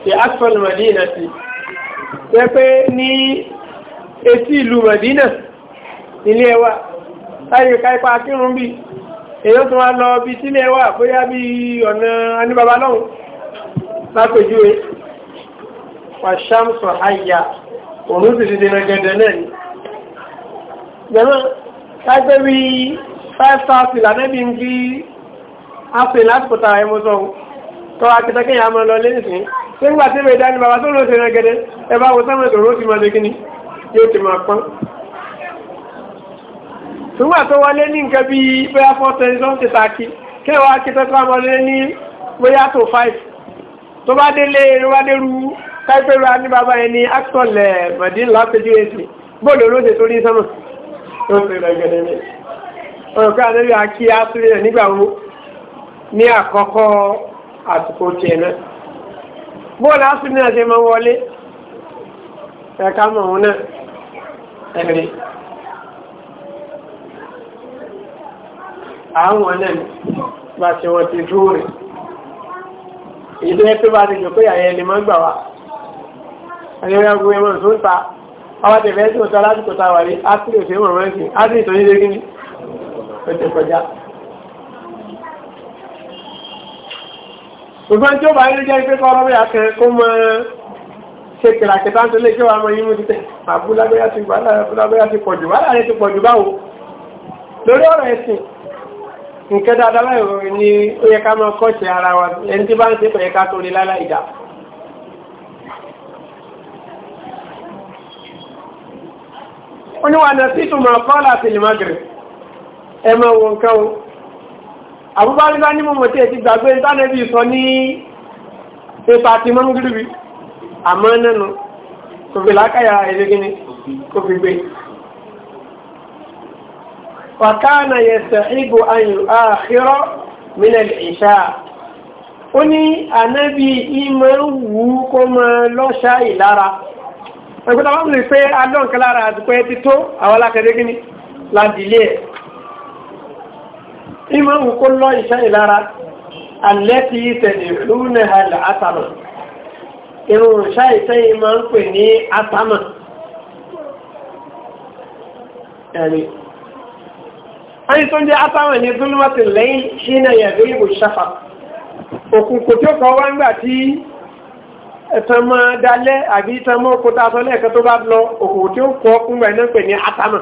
ti asiri madina ti wẹ́ pé ní etí ìlú madina ilé ẹwà láyé káípa akírun bí èyí tó wá lọ bí sílé ẹwà bóyá bí ọ̀nà aníbàbá lọ́hùn lápèjúwe wàṣámsù àyà òun sì dìde rẹ̀gẹ̀dẹ̀ náà ni jẹ́mọ́ kágbé bí 5,000 lànẹ́bí ń bí ápè lásìkò tàà ẹmọ́sọ̀ tó akẹ́tẹ́kẹ́ yà mọ́ lọ lẹ́nìsìn tí ń gbà tí ìwé ìdánimọ̀ bàbá tó lọ sí rẹ̀gẹ̀dẹ̀ ẹ bá wo sọ́mọ̀ ìṣòro ti máa lékíní yóò ti máa pọ́n túnwà tó wọlé ní nǹkan bí bóyá 4,000 ti tàkì kẹwàá akẹ́tẹ́kọ́ àmọ́lé ní bóyá tó 5 tó bá délé rú káìpẹ́rù a ní bàbá ẹni axọlẹ̀ mọ̀dí lápẹjú èsì bóòlù olóde tó rí sánmà ó ti rẹ̀ gẹ̀dẹ̀ ní ọ̀rọ̀ká àdébí akí ásúrí rẹ̀ nígbà wo ní àkọ́kọ́ àsìkò tiẹ̀ náà bóòlù ásúrí náà ṣe máa wọlé ẹ̀ka mọ̀ òun náà ẹ̀rí àwọn náà bá ti wọ́n ti dúró rẹ̀ ìdí ẹ́ tó bá ti jù pé àyẹ̀ lè má gbà wá àyẹ̀wò gbogbo ẹ̀mọ̀ tó ń ta àwọn àtẹ̀fẹ́ tí ó ta lásìkò ta wà rí ápìlì òfin mọ̀ mẹ́sìn ápìlì tó ní lé kíní ó ti kọjá. ṣùgbọ́n tí ó bá rí jẹ́ pé kọ́ ọ̀rọ̀ bẹ́yà kan kó mọ ṣe kìlàkìtà tó lé kí wàá mọ yín mú títẹ̀ àbúlágbéyà ti pọ̀jù wàhálà rẹ̀ ti pọ̀jù báwo lórí ọ̀rọ̀ ẹ̀sìn nǹkan dáadáa ni ó yẹ ká máa kọ́ ara wa ẹni tí bá ń ṣe pẹ̀lú ká tó lé lálá wọ́n wà náà sí ìtumọ̀ kọ́lá sí lèmọ́gìrì ẹ mọ̀ wọn kan o àbúbárí bá ní mọ̀mọ̀ tí ẹ gbàgbé ìtànẹ́bí sọ ní ipa ti mọ́ gíríbi àmọ́ nẹ́nu kò fi lákàyà ẹ̀rẹ́ kò fi gbé wàkánà yẹsẹ̀ ìbò ayò àkírọ́ mílẹ̀ ìṣá ó ní ànẹ́bí ìmọ̀ wù kó mọ́ lọ́ṣà ìlara ẹgbẹ́ tàbí wọ́n pé adọ́nkẹ́ lára àdúgbò ẹ ti tó àwọn alákẹ́dẹ́ gíní ládìlé ẹ̀ ìmọ̀ òun kó lọ iṣẹ́ ìlara alẹ́ ti tẹ̀lé àtàmà irun iṣẹ́ iṣẹ́ ìmọ̀ ń pè ní àtàmà ẹ̀tàn máa dalẹ́ àbí ìtàn mọ́ òkúta aṣọ lẹ́ẹ̀kan tó bá lọ òkòwò tí ó kọ́ fún ẹ̀ náà pè ní atama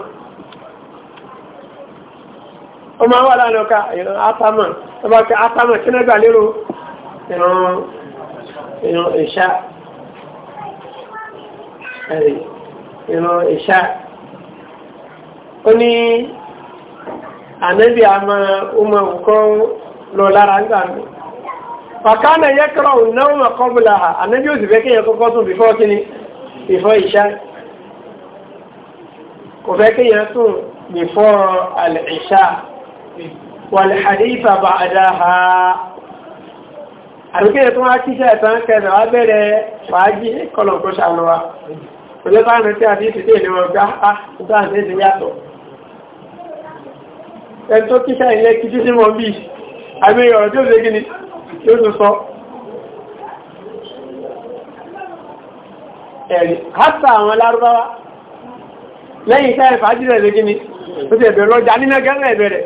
ó máa wà láàrin ọkà ìran atama tó bá fi atama kí náà gbà lérò ìran ìṣá ìran ìṣá ó ní ànẹ́bí àmà ó máa kọ́ lọ lára nígbà náà fàkánà yẹ kọ́rọ̀ náà mà kọ́bùlà ha ànábì ó sì fẹ́ kéèyàn kọ́kọ́ tún bífọ́ kíni bífọ́ ìṣá kò fẹ́ kéèyàn tún bífọ́ àlìṣá wàlìhàdífà bá àdáha àdúgbò tó wá kíṣẹ́ ẹ̀tàn kẹta wá bẹ̀rẹ̀ fàájì kọlọ̀ tó ṣàánú wa pẹ̀lú bá rántí kí ó tó sọ ẹ̀rì hátà àwọn lárúbáwá lẹ́yìn iṣẹ́ ìfàájírẹ̀ lè gíní ó ti ẹ̀bẹ̀rẹ̀ ọjà nínú gẹ́rẹ̀ ẹ̀bẹ̀rẹ̀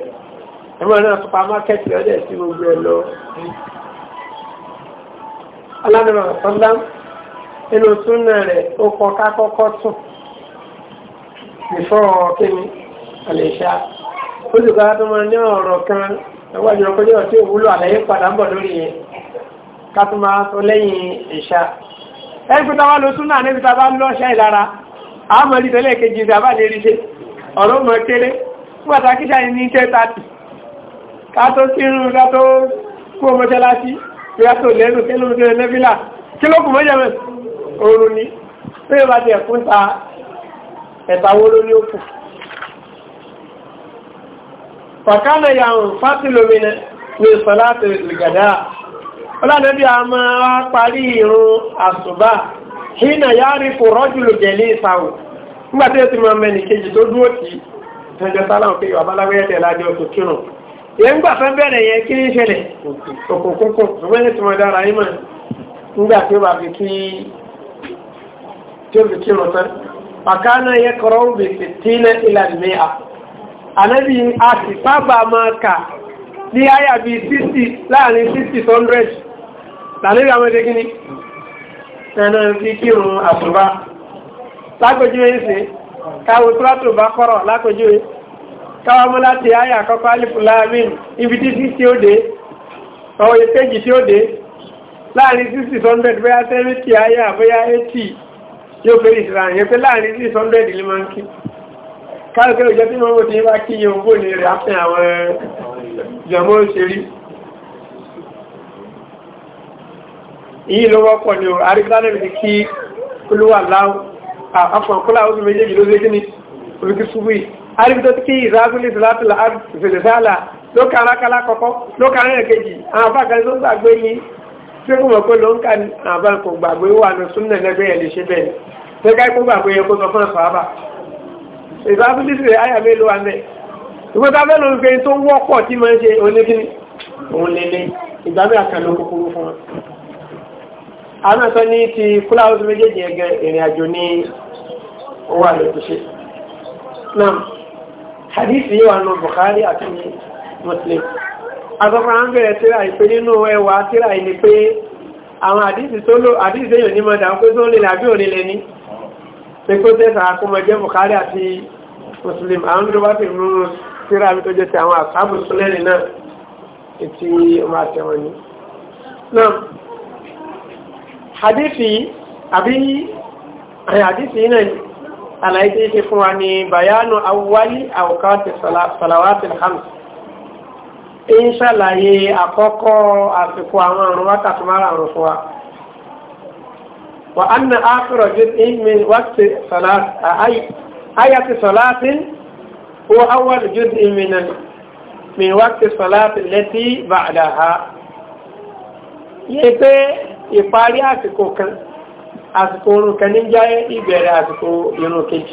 ẹ̀mọ́ náà tó pa mákẹ́tì ọdẹ̀ sí gbogbo ẹ̀ lọ aládọ́rọ̀ sọ́dá inú súnà rẹ̀ ó kọ kákọ́kọ́ tún ìfọ́ kíni àlèṣà ó sì kọ́ ẹwọ́ ìjọ pé ní ọtí òwúlò àlàyé padà ń bọ̀ lórí yẹn ká tó máa sọ lẹ́yìn ìṣá ẹgbẹ́ tá wá lọ súnà níbi tá bá ń lọ ṣá ìlara àmọ́ ní tẹ́lẹ̀ kejì tá bá lè rí ṣe ọ̀rọ̀ mọ̀ kéré fún àtàkì ṣáà ní tẹ́ tàtì fàkánà ya ń fásilomina ní sọ́látì ìgàdá a máa parí irun àsùbá hínà yá rí kò rọ́jùlù jẹ̀lé ìsàwò nígbàtí ètò ìmọ̀ mẹ́ni kejì tó dúró tí tẹjọ sáláwọ̀ pé ìwàbáláwé ẹ̀tẹ̀ lájọ tó kírùn yẹn gbà fẹ́ bẹ̀rẹ̀ yẹn kí ní ṣẹlẹ̀ òkùnkùnkùn fi ànábì a sì sábà máa kà ní àyà bí 60 láàrin 60 100 lànàbí àmọ́dé gíní ẹ̀nà fi kírun àsùbá lágbójúwé ìsìn káwò tólátò bá kọ́rọ̀ lágbójúwé káwà mú láti àyà àkọ́kọ́ alifu láàrin ibi tí 60 ó dé ọwọ́ ìtẹ́jì tí ó dé láàrin 60 100 bóyá 70 àyà bóyá 80 yóò fẹ́ ìsìlànà pé láàrin 600 ìlú máa ń kí káàkiri ìjọ tí wọ́n ti wá kí yóò gbò ní rẹ̀ ápẹ́ àwọn ìjọmọ́ òṣèrí yìí ló wọ́pọ̀ ní o arígbánẹ̀lì ti kí olúwà láwọ́ àfọ̀n kọ́lá oṣù méjèèjì ló lékíní oríkí ṣubú yìí arígbító ti kí ìzágúlì láti fèlèsálà lókà arákálá kọ́kọ́ lókà arẹ́kejì àwọn afákan tó gbàgbé ní tí ó mọ̀ pé ló ń kà ní àbá kò gbàgbé wà ní súnmọ̀ lẹ́gbẹ̀ẹ́ lè ṣe bẹ́ẹ̀ ìsáfílìsì rẹ̀ ayà mélòó wa mẹ́ ìgbẹ́ta mélòó ń pe tó wọ́pọ̀ tí máa ń ṣe oníkíní òun lélẹ̀ ìgbàmí àkànlò kúkúrú fún wọn. àwọn ẹ̀sọ́ ní ti kúláwó tó méjèèjì ẹ̀gẹ́ ìrìn àjò ní owó àlọ́ tó ṣe. náà hadithi yóò wà nù Bukhari àti Muslim. àtọ́fà ń bẹ̀rẹ̀ tíra ìpé nínú ẹwà tíra ìní pé àwọn àdìsí tó lò àdìsí tẹkọtẹta akọmọjẹ Bukhari àti Muslim àwọn tó bá ti mú síra mi tó jẹ ti àwọn àkábù sọlẹ́rì náà ètí ọmọ àtẹwọn ni. náà hadithi àbí hadithi náà àlàyé tí ṣe fún wa ní bayanu awwali awqati salawati alhams ń ṣàlàyé àkọ́kọ́ àsìkò àwọn àrùn wákàtí márùn-ún fún wa. وأن آخر جزء من وقت صلاة أي آية صلاة هو أول جزء من من وقت الصلاة التي بعدها يبقى يباري أسكو كن أسكو كنين جاي يبقى أسكو ينوكيش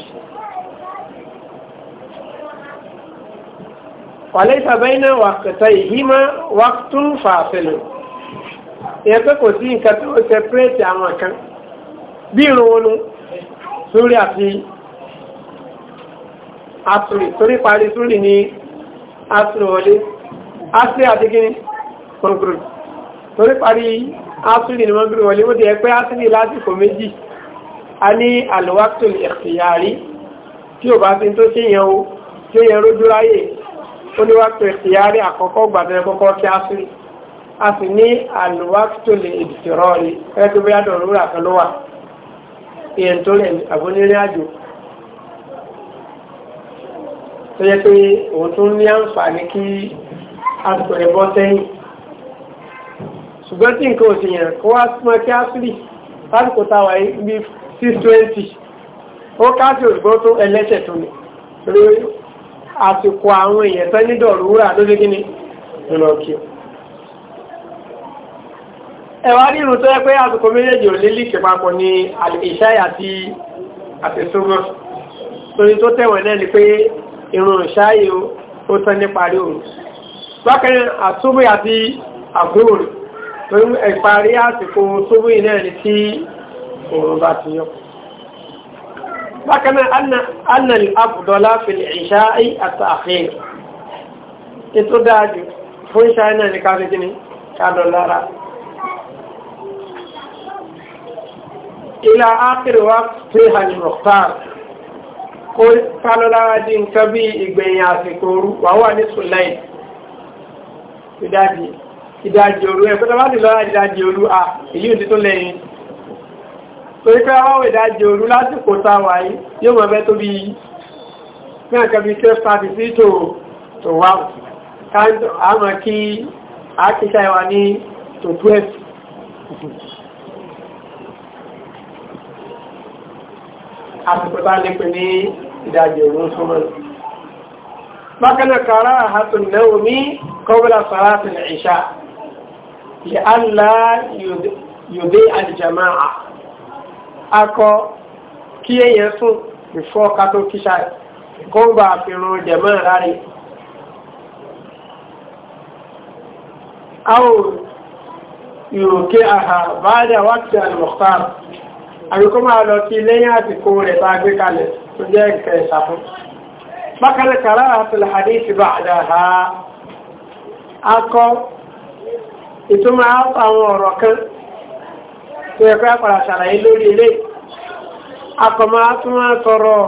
وليس بين وقتيهما وقت فاصل يبقى كسين كتو سبريت عمكا bí irun olú súrí àti asìrì torí parí súrí ní asìrì wọlé asìrì àti gíní kọ̀nkùrù torí parí asìrì ní mọ́gbìrì wọlé ó di ẹgbẹ́ asìrì lásìkò méjì a ní alwaqtul ikhtiyari tí ò bá fi tó ṣe yẹn o ṣe yẹn rójú ráyè ó ní waqtul ikhtiyari àkọ́kọ́ gbàtẹ́ kọ́kọ́ kí èèyàn tó rẹ̀ àbónírin àjò tó yẹ pé òun tún ní àǹfààní kí àsìkò rẹ̀ sẹ́yìn ṣùgbọ́n tí nǹkan kó wá súnmọ́ kí lásìkò táwa ó òṣùgbọ́n tó ẹlẹ́sẹ̀ tó ní àsìkò àwọn èèyàn ẹ̀wà nínú tó yẹ pé àsìkò méjèèjì ò lílì kìpapọ̀ ní ìṣáì àti àfẹ́sọ́gbọ́ torí tó tẹ̀wẹ̀ náà ni pé irun ìṣáì ó tán ní parí òru bákan àtúbù àti àgbóòrù torí ìparí àsìkò tóbù náà ni tí òun bá ti yọ bákan náà anna al ila ákìrì wá fi hàn mọ̀tàr ó kálọ́ lára di nǹkan bí ìgbẹ̀yìn àsìkò òru wà wà ní sùlẹ̀yìn ìdájì ìdájì òru ẹ̀ pẹ́tà bá ti lọ́ra ìdájì òru à èyí ò ti tó lẹ́yìn torí pé àwọn ìdájì òru lásìkò tá a wà yìí yóò ka bẹ́ tó bí náà kan bí twelve thirty sí tò àtùpẹ́ bá lè pè ní ìdajì òun súnmọ́ bákan kàrá àhàtùn náà ní kọ́bílà sàrátìn ìṣà yẹ àlá yòdé àlìjàmáà akọ kí èyàn sùn bìfọ́ kátó kíṣà kọ́ńbà àfihàn jẹ̀mọ́ rárí àwọn ìròkè àhà bá dà wákìtì àríkọ́ máa lọ sí lẹ́yìn àsìkò rẹ̀ bá gbé kalẹ̀ tó jẹ́ nǹkan ẹ̀sà fún. kàrá àtìlẹ̀ àdéhìí bá àdáhà akọ ìtumọ̀ àwọn ọ̀rọ̀ kan tó yẹ àpàrà ṣàlàyé lórí ilé akọ̀mọ́ àtúmọ̀ sọ̀rọ̀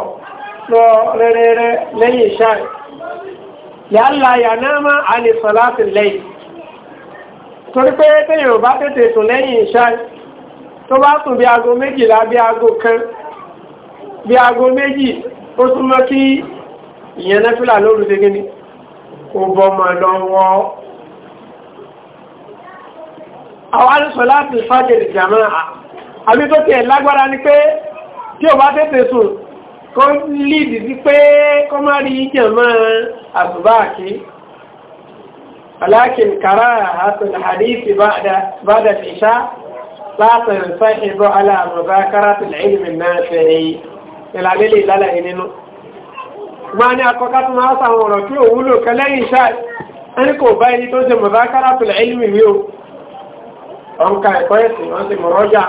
lọ rẹ̀rẹ̀rẹ̀ lẹ́yìn yànáàmà àlè lẹ́yìn torí pé tẹ́yìn ò tó bá sùn bí aago méjìlá bí aago kan bí aago méjì ó súnmọ́ kí ìyẹn nẹ́fìlà lóru ṣe gíní kò bọ́ mọ̀ lọ́wọ́ àwọn alùsọ̀ láti fàjẹ̀lì jàmọ́ àmì tó tiẹ̀ lágbára ni pé tí o bá tètè sùn kó lídì sí pé kó má rí jàmọ́ àsùbáàkì alákin kàrá àtùn hadith ba'da ìṣá لا تنسحب على مذاكرة العلم النافع ìlànà ilé ìlànà ìnínú. Máa ní akọ́ká tó máa sàwọn ọ̀rọ̀ tí ó wúlò kẹ lẹ́yìn iṣẹ́ ẹni kò bá ẹni tó ṣe mọ̀zákárá tó lẹ̀ ilmi rí o. Ọ̀nkà ẹ̀kọ́ ẹ̀sìn wọ́n ti mọ̀rọ́jà.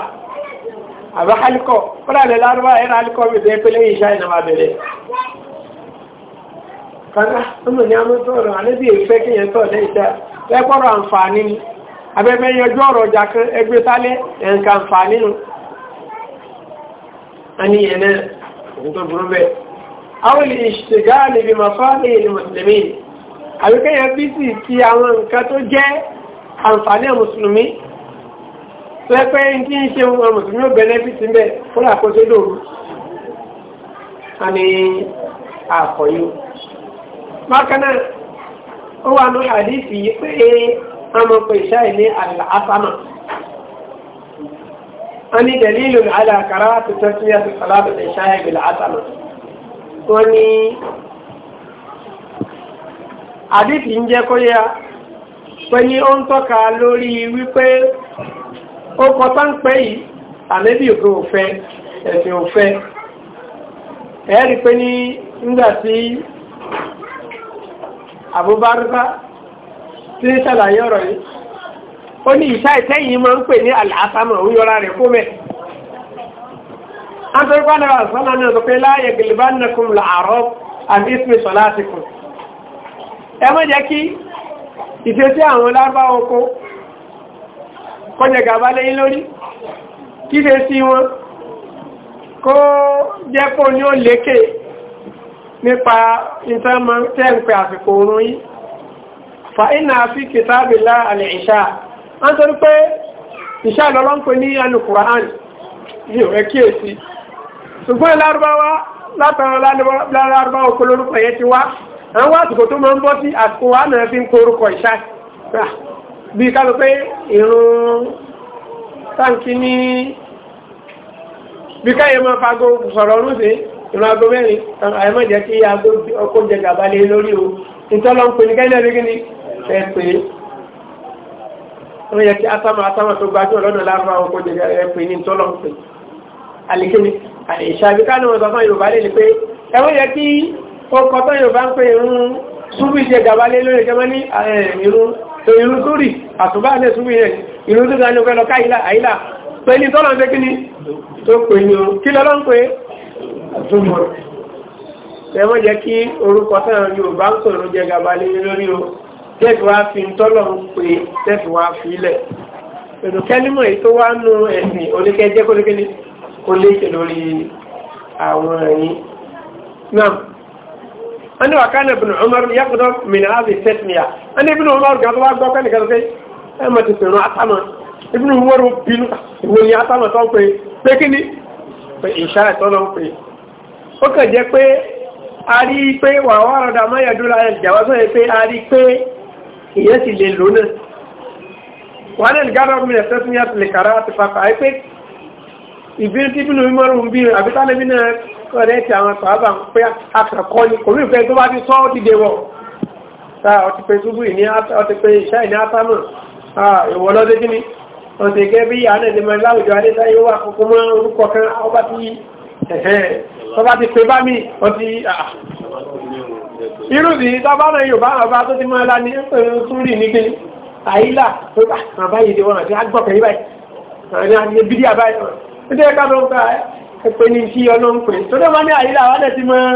Àbá Alikọ̀, kọ́lá ilẹ̀ lárúbá abẹ́mẹ́ yọjú ọ̀rọ̀ ọjà kan ẹgbẹ́ sálẹ̀ ẹ̀ǹkà ǹfà nínú ẹni ẹ̀nà tó burú bẹ́ẹ̀ àwọn ìṣẹ̀gá níbi mafáàlì ilẹ̀ mùsùlùmí àwíkẹ́yàn bí sì ti àwọn nǹkan tó jẹ́ àǹfààní mùsùlùmí tó pẹ́ tí ń ṣe wọn mùsùlùmí ò bẹ́nẹ́fìtì bẹ́ẹ̀ fún àkóso lóru a ní àkọ́yó bákan ó wà ní àdífì yìí pé wọ́n mọ̀ pé ìṣá ìní àlàásánà wọ́n ní dalilu alákàrá ti tẹ́sí àti sàlábà ní ìṣá ìbìlà àsánà wọ́n ní àdìsí ń jẹ́ kó yá pé ní ó ń tọ́ka lórí wípé ó kọ táǹpẹ́ yìí àmẹ́bí òfin òfẹ́ ẹ̀sìn òfẹ́ ẹ̀ẹ́rì pé ní nígbà tí àbúbárúbá tí ń ṣàlàyé ọ̀rọ̀ yìí ó ní ìṣá ìtẹ́yìn máa ń pè ní àlàáfàmọ̀ ń yọra rẹ̀ fún mẹ́ antorípa náà sọ́nà náà sọ pé láàyè gìlìbá nàkùn làárọ̀ àti ìsinmi sọ láti kù ẹ má jẹ́ kí ìṣesí àwọn lábá oko kọjẹ gàbá lẹ́yìn lórí kí ṣe sí wọn kó jẹ́ kó ní ó lékè nípa ìtẹ́mọ̀ tẹ́ ń pẹ fa iná fi kìtàbílá àlè ìṣá a ń torí pé ìṣá lọ́lọ́ ń pè ní alukùrán yìí rẹ̀ kíyèsí ṣùgbọ́n lárúbáwá látọ̀rọ̀ lárúbáwá kólórúkọ yẹn ti wá àwọn wá àsìkò tó máa ń bọ́ sí àsìkò wá náà fi ń kórúkọ ìṣá bí ká ló pé ìrún táǹkì ní bí káyẹ máa fago sọ̀rọ̀ ọdún ìrún aago mẹ́rin àyẹ̀mọ́ jẹ́ kí aago ọkọ̀ jẹ gàbálẹ̀ lórí o ìtọ́lọ́ ń pè ní kẹ́lẹ́ ẹ pé wọ́n yẹ kí asámà asámà tó gbájú ọlọ́dọ̀ láàrín àwọn kó jẹjẹ ẹ pé ní tọ́lọ́ pé alikini ìṣàbíká ní wọn sọ fún yorùbá lè ní pé ẹwọ́n yẹ kí ọkọ̀ tó yorùbá ń pè irun súbì ṣe gàba lé lórí ẹjọ́ ní irun tó irun sórí àtúbà ní súbì rẹ̀ irun tó dání ọgbẹ́lọ káyìlá àyílá pé ní tọ́lọ́ ń o kí lọ́lọ́ ń pè túmọ̀ ẹwọ́n yẹ kí orúkọ tó yorùbá ń pè irun jẹ gàba lé lórí o tẹ́ẹ̀fì wá fi ń tọ́lọ̀ ń pè tẹ́ẹ̀fì wá fi ilẹ̀ pẹ̀lú kẹ́límọ̀ èyí tó wá nú ẹ̀sìn oníkẹ́jẹ́ kólékélé kó léṣe lórí àwọn ẹ̀yìn náà wọ́n ní wàkánà ibn Umar yàgùdọ́ mìnà ábì tẹ́tìmíà wọ́n ní ibn Umar gàdọ́ wá gbọ́ pẹ́ẹ́nì kan pé ẹ mọ̀ ti pèrún atámọ̀ ibn Umar bínú ìwò ní atámọ̀ tó ń pè pé kí ni pé ìṣá ẹ̀tọ́ ló ń pè ó kàn jẹ́ pé a rí pé wàhálà ọ̀dà máyàdúrà ìyẹn sì lè lò náà wọ́n lè gádọ́ mi ẹ̀sẹ̀ fún yàtọ̀ lè kàrà àti papà ẹ pé ìbínú tí bínú mímọ́rù ń bínú àbí tálẹ́ bínú ọ̀rẹ́ ti àwọn sàábà ń pé akẹ́kọ̀ọ́ ni kò rí ìfẹ́ tó bá ti sọ́ dìde wọ̀ ta pé ṣubú ìní ọtí pé ìṣá ìní átámù ìwọ lọ́dẹ́ kí ni ọ̀sẹ̀ gẹ́ bí àánẹ̀ ni mọ̀ láwùjọ adéṣáyé wà kókó mọ́ orúkọ kan ọba ti ẹ̀ẹ́ ọba ti pé bá mi ọtí irúbi tábánà yorùbá àbá tó ti máa lani súrì ní kí àyílà tó bá àbá yìí wọn àti agbọ̀kẹ́ yìí báyìí àti bídí àbá yìí wọn ó jẹ́ ká ló ń pa ẹ̀pẹ́ ní kí ọlọ́run pè tó dẹ́ máa ní àyílà wọ́n dẹ̀ ti máa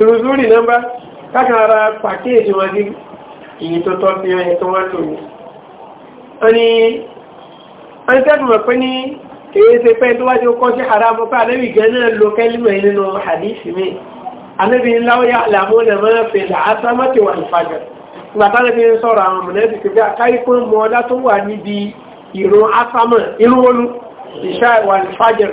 irú súrì nọ́mbà kákan ara pàkéèjì wọn sí ìyí tó tọ́ sí ẹyẹ tó wọ́n tò ní. wọ́n ní wọ́n ti anábì láwọ́ yà lámú lè mọ́ fi làásámọ́tì wà ìfàjọ̀ gbàtà lè fi ń sọ̀rọ̀ àwọn mọ̀lẹ́bí kìí káyí pé mọ́ ọlá tó wà níbi ìrún ásámọ̀ inú olú ìṣá wà ìfàjọ̀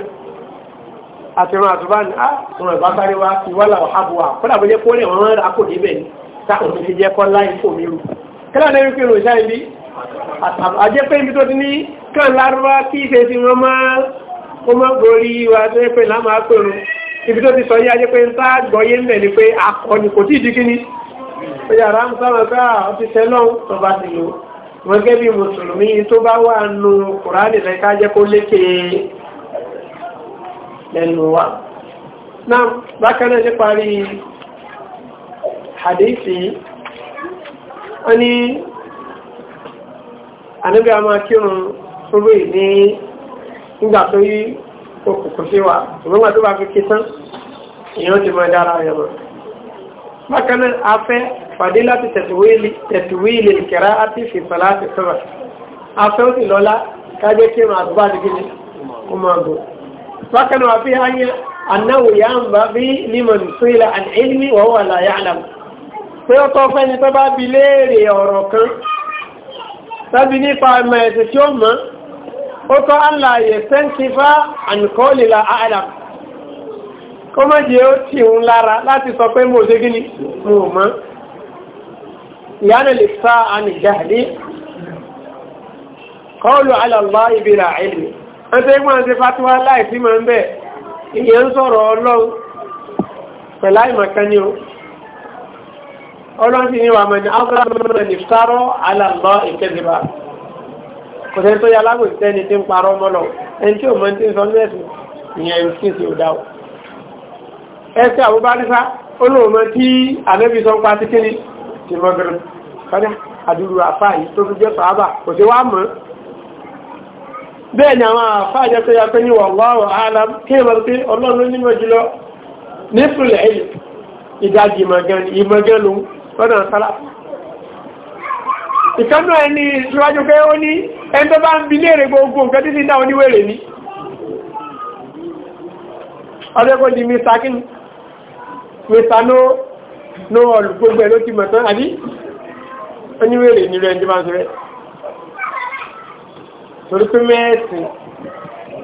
àti ìrún àtúbá ní àwọn ìbátárẹ́ wa ti wà láwọ̀ àbúwà kọ́lá bó jẹ́ kó lè wọ́n rà kò níbẹ̀ ní táwọn tó fi jẹ́ kọ́ láì fò mí rù kílá lè rí pẹ̀lú ìṣá ibi àjẹ́ pé ibi tó ti ní kàn lárúbá kí ìṣe ti wọ́n máa kó wa tó yẹ pé lámàá pẹ̀lú ibi tó ti sọ yí ajé pé ń tá gbọ́yé ń bẹ̀ ni pé akọni kò tí ì di kíní ó yà rà ń sáwọn pé àwọn ah, ti tẹ́ lọ́wọ́ tó bá ti lò wọ́n gẹ́ bí mùsùlùmí tó bá wà nù kùránì rẹ̀ ká jẹ́ kó lékè lẹ́nu wa náà bákan náà parí hadithi wọ́n ní àníbí a máa kírun fúrú ní ìgbà tó yí kò kò sí wa ṣùgbọ́n wọn tó bá fi ké tán èèyàn ti máa dára rẹ̀ mọ́. bákan náà a fẹ́ fàdé láti tẹ̀tùwílì kẹ̀rá àti fìfàlà àti sọ̀rọ̀ a fẹ́ ó sì lọ́lá kájẹ́ kí wọn àtúbà àti kíni kó máa gò. bákan náà fi hányà anáwó yà ń bá bí limon sila an ilmi wa huwa la ya'lam. pé ó tọ́ fẹ́ni tó bá bi léèrè ọ̀rọ̀ kan tábí nípa ẹ̀mọ̀ ẹ̀sìn tí ó mọ̀ ko Allah ya san kifa an kolila a'lam kó má jẹ́ ó tì ń lára láti sọ pé mo ṣe gíní mo mọ́ ìyánà lè sá àmì jáde kọlù alàlá ìbìlà ilmi wọ́n tẹ́ gbọ́n ti fàtíwá láìsí ma ń bẹ̀ ìyẹn sọ̀rọ̀ ọlọ́run pẹ̀lá kò sẹ́ni tó yẹ alágbèsí sẹ́ni tí ń parọ́ mọ́ lọ ẹni tí ò mọ tí ń sọ nẹ́ẹ̀sì ìyẹn ẹ̀rù kí èsì ò dá o. ẹsẹ̀ àbúbáríṣá ó lóun mọ tí ànábì sọ ń pa sí kíni ti mọ bẹ̀rẹ̀ kọ́dá àdúrú àfá yìí tó fi jẹ́ sàábà kò sí wá mọ́ bẹ́ẹ̀ ni àwọn àfá jẹ́ tó yá pé ní wàwọ́ ìkánú ẹni síwájú pé ó ní ẹni tó bá ń bi léèrè gbogbo nǹkan títí náà oníwèrè ní ọdẹ́kọ́ di mr king mr no no all gbogbo ẹ̀ ló ti mọ̀tán àbí oníwèrè ní rẹ̀ ndíbà sọ́rẹ́ torí pé mẹ́ẹ̀sì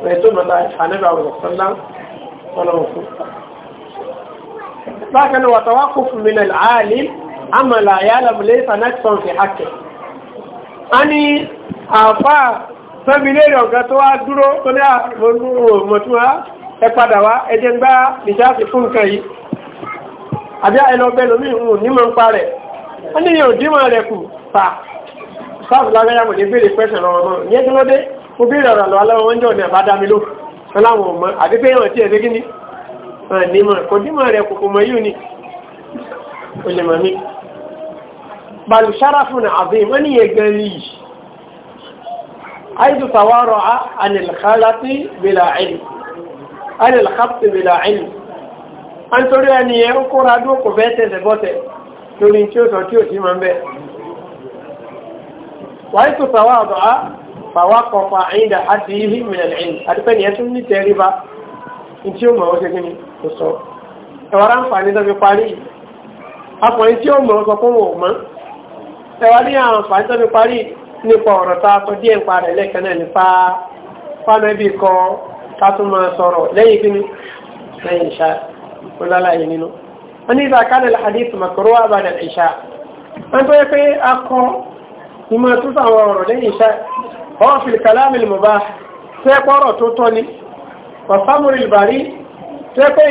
rẹ̀ tó mọ̀tá ànẹ́bà ọ̀sánlá ọlọ́run fún bákan náà wàtàwà kò fún mi náà àálí àmàlà àyálàmù lẹ́sàn náà sọ̀rọ̀ fi hákẹ́ a ní àfáà sọ́mílẹ̀ ọ̀gá tó wá dúró tó ní àmọ̀túnwá ẹ padà wá ẹjẹ́ gbá ìjáàsì fún nǹkan yìí àbí ẹlọgbẹ́ lómi nímọ̀ ń parẹ̀ rẹ̀ kù pa sáàbù lágbàyàmù ní bèèrè pẹ́sẹ̀ lọ́wọ́ mọ́ ní ẹjọ́ lóde mo bèèrè ọ̀rọ̀ lọ́wọ́ lọ́wọ́ ń jọ ní àbádámi ló láwọn ọmọ àbí pé wọ́n ti ẹ̀dẹ́ gíní nímọ̀ dímọ̀ rẹ̀ kù kò mọ̀ ni olè mọ̀ mi balùsára fún àbí wọ́n ní yẹ yìí حيث تورع عن الخلط بلا علم عن الخط بلا علم أن تريد أن يكون عدوك بيت لبوت تريد أن تكون من بيت وحيث تواضع فوقف عند حده من العلم أتفني يتمني تريبا إن شاء الله وسكني تصور ẹwàrá فاني fà ní tọ́bí parí akùnrin tí ó mọ̀ ọ́ sọ fún òun mọ́ nípa ọ̀rọ̀ tá a sọ díẹ̀ ń parẹ̀ lẹ́ẹ̀kan náà nípa fánẹ́bì kan ká tún máa sọ̀rọ̀ lẹ́yìn kí ni lẹ́yìn ìṣá olálàyé nínú. wọ́n ní ìgbà kálẹ̀ lahadith makoro abada ìṣá wọ́n tó yẹ pé a kọ́ ìmọ̀ tó sàwọn ọ̀rọ̀ lẹ́yìn ìṣá wọ́n fi kàlámì lè mọ̀ bá tẹ́ tó tọ́ ni wọ́n sámúrì ìbàrí tẹ́ pé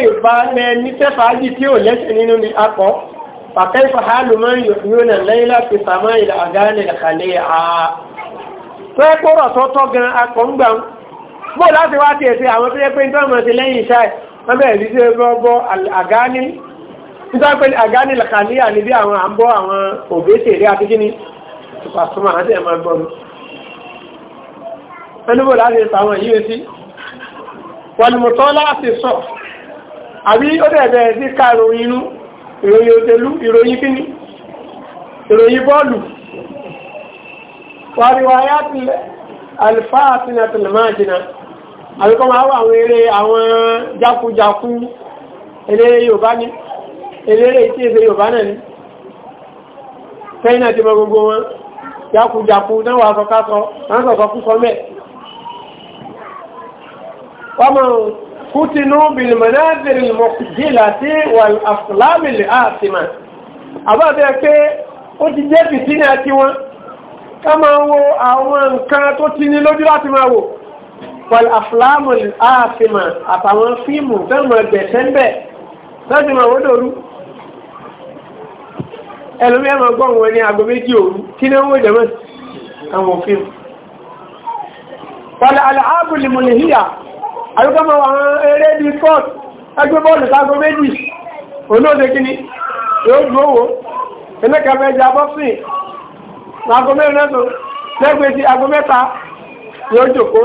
فكيف حال من يحيون الليل في سماء الأذان الخليعة pé kó rọ̀ tó tọ́ gan akọ̀ ń gbà ń bó láti wá tiẹ̀ sí àwọn tó yẹ pé nítorí mọ̀ sí lẹ́yìn iṣẹ́ wọ́n bẹ̀rẹ̀ sí ṣe gbọ́gbọ́ àgáni nítorí pé àgáni làkàlíyà níbi àwọn àbọ̀ àwọn òbéṣe rí àti kíní tùpàtùmọ̀ àti ẹ̀mọ́ gbọ́n ẹni bó láti ṣe àwọn yíyẹ sí wọ́n ni mo tọ́ láti sọ àbí ó dẹ̀ bẹ̀rẹ̀ sí kàrò inú ìròyìn òtèlú ìròyìn kíní ìròyìn bọ́ọ̀lù wàríwá yàtì alifáàtìnà tìlìmáàjìnà àríkọ́ máa wà àwọn eré àwọn jákújákú eléré Yorùbá ní eléré tí èdè Yorùbá náà ní fẹ́yìnà ti mọ gbogbo wọn jákújákú náà wà sọkásọ kútinú bilmanaziri mọ̀kìdílàtí wàl'aflámìlì àtìmá àbábẹ́ pé ó ti jẹ́ fìtí ní àti wọn ká máa wo àwọn nǹkan tó ti ní lójú láti máa wò wàl'aflámìlì àtìmá àtàwọn fíìmù tẹ́mọ̀ gbẹ̀sẹ́ńbẹ̀ láti máa wó dòru ẹlòmí ẹmọ gbọ́n wọn ní aago méjì òru kí ní wọ́n jẹ́mọ́ àwọn àyíkọ́mọ̀ àwọn eré bí sport ẹgbẹ́ bọ́ọ̀lù sáàgó méjì olóòdé kíní yóò gbówó ẹlẹ́kẹ̀ẹ́ ẹja bọ́sìn láàgó mẹ́rin náà lẹ́gbẹ̀ẹ́ sí àgó mẹ́ta yóò jòkó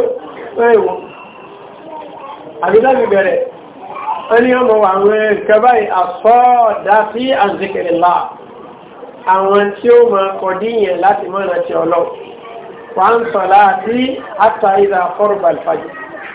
ẹ̀wọ̀n àbídájú bẹ̀rẹ̀ ẹni ọmọ àwọn kẹbàí àsọ́ọ̀dá sí àzikìrìlá àwọn tí ó mọ kọ̀díyàn láti mọ́ra ti ọlọ́ wà ń sọ̀lá sí àtàrí ìdá fọ́rùbà ìfàjì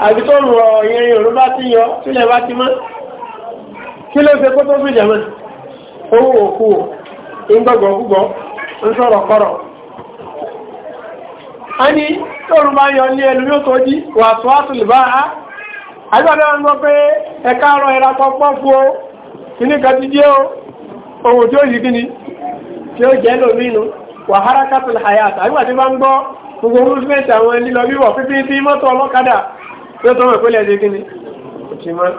àbí tó rọ ìyẹn yorùn bá ti yọ sílẹ̀ bá ti mọ́ kí ló ṣe kó tó fi jẹ̀mọ́ owó òkú ń gbọ́gbọ́ gbọ́ ń sọ̀rọ̀ a ní tóòrùn bá yọ ní ẹlú yóò tó jí wà tó á lè bá a àgbàdo wọn gbọ́ pé ẹ̀ka ọ̀rọ̀ pọ́pọ́ o jẹ́ o ohun tí ó kíni tí ó jẹ́ lómìnú wà hayat gbọ́ pé tó mọ̀ pẹ́lẹ̀ dé gíní òtí mọ́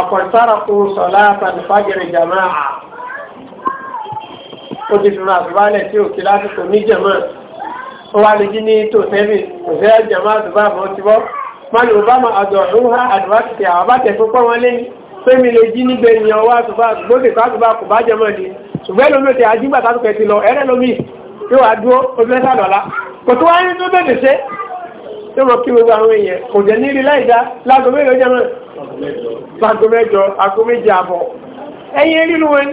àpọ̀sára kó sọ̀lá àtàlùfágẹ̀rẹ̀ jàmáà ó ti fi máa fìbálẹ̀ tí òkè lásìkò ní jàmáà ó wá lè jí ní tòtẹ́bì kò fẹ́ jàmáà tó bá bọ́ ti bọ́ má lè bá máa àjọ ìhúhá àdúrà ti tẹ àwọn bàtẹ̀ tó pọ́ wọn lé pé mi lè jí nígbẹ̀ ènìyàn wá tó bá gbókè tó bá kò bá jàmáà di ṣùgbẹ́ lómi yóò mọ kí gbogbo àwọn èèyàn kò jẹ́ nírí láìdá láago mẹ́jọ jẹ́ náà láago mẹ́jọ aago méje àbọ̀ ẹ̀yìn rírú wọn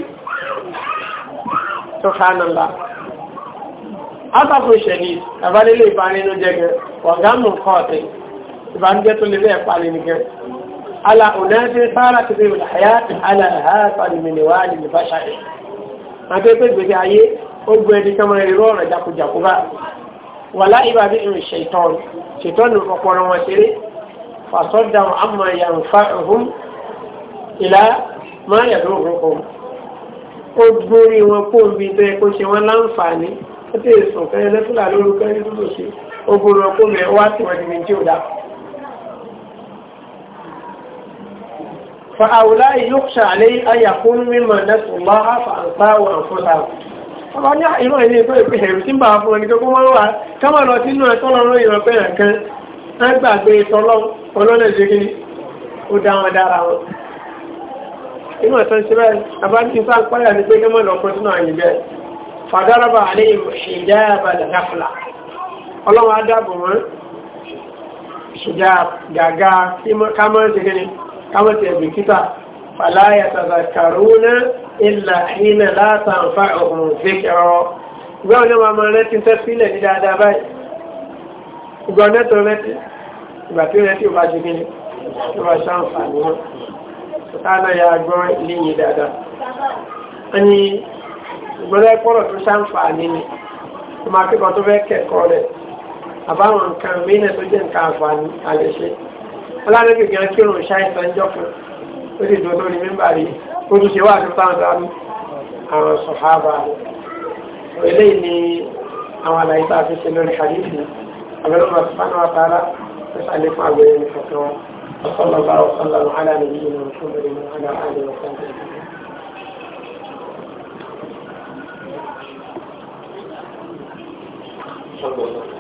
tó ká nà lá. Afáfún ìṣẹ̀lì àbálélé ìbánínú jẹ́ gan, ọ̀gáàmù nǹkan ọ̀tẹ̀, ìbánújẹ́ tó lè bẹ́ẹ̀ palẹ̀ nìkan. Ala ònáṣe sára ti bẹ̀rẹ̀ àyá aláhà pàdùmìnìwá àdìmìbáṣà rẹ̀. Àti pé gbèsè ayé ó gbé ẹni kọ́mọ ẹ̀rọ ọ̀rọ̀ jákujàkú bá wàlá ibà bí ìrìn ṣètọ́n ṣètọ́n ní ọpọlọ wọn ṣeré fàṣọdà àmà yànfà ọhún ìlà máa yàtọ̀ òkùnkùn ó gbórí wọn kó omi tó yẹ kó ṣe wọn láǹfààní ó ti sùn kẹrin lẹ́fúlà lórúkọ ẹni tó ṣe ó gbórí wọn kó omi wá sí wọn níbi tí ò dá. فهؤلاء يخشى عليه أن يكون ممن نسوا الله فأنساه أنفسهم ọba ní ìran ilé ìfẹ́ ìpé ẹ̀rù tí ń bá fún ẹni gbogbo wọ́n wà káwọn lọ sínú ẹ̀tọ́ lọ́rọ́ ìran pé ẹ̀kan á gbàgbé tọ́lọ́ ọlọ́nà ó dá dára wọn inú ẹ̀tọ́ ṣe bẹ́ẹ̀ abájú sáà ní pé kẹ́mọ́ lọ ilà ilẹ̀ látàǹfà ọ̀hún fíkẹ̀rọ. ìgbà wọn ni wọn máa rẹ́tí ń tẹ́ sílẹ̀ ní dáadáa báyìí. ìgbà wọn mẹ́tọ̀ rẹ́tí ìgbà tí rẹ́tí ò bá ju kí ni ó bá ṣàǹfààní wọn. sọ́tánà ya gbọ́ léyìn dáadáa. wọ́n ní ìgbọ́dọ̀ ẹ̀kọ́rọ̀ tó ṣàǹfààní ni wọ́n máa kíkọ́ tó fẹ́ kẹ́kọ̀ọ́ rẹ̀ àbáwọn nǹkan mìíràn tó jẹ́ nǹkan àǹfààní àlẹ́ ṣe. ó tún ṣe wá àti táwọn dáa àwọn sọ̀hábà eléyìí ni àwọn àlàyé tá a fi ṣe lórí hadithi abẹ́lẹ́mọ̀ subhanahu wa ta'ala ó ṣàlékún àgbẹ̀rẹ̀ ní kankan wọn وصلى الله وسلم على نبينا محمد وعلى اله وصحبه اجمعين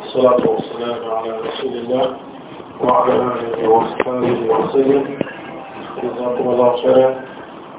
الصلاة والسلام على رسول الله وعلى آله وصحبه وسلم جزاكم الله خيرا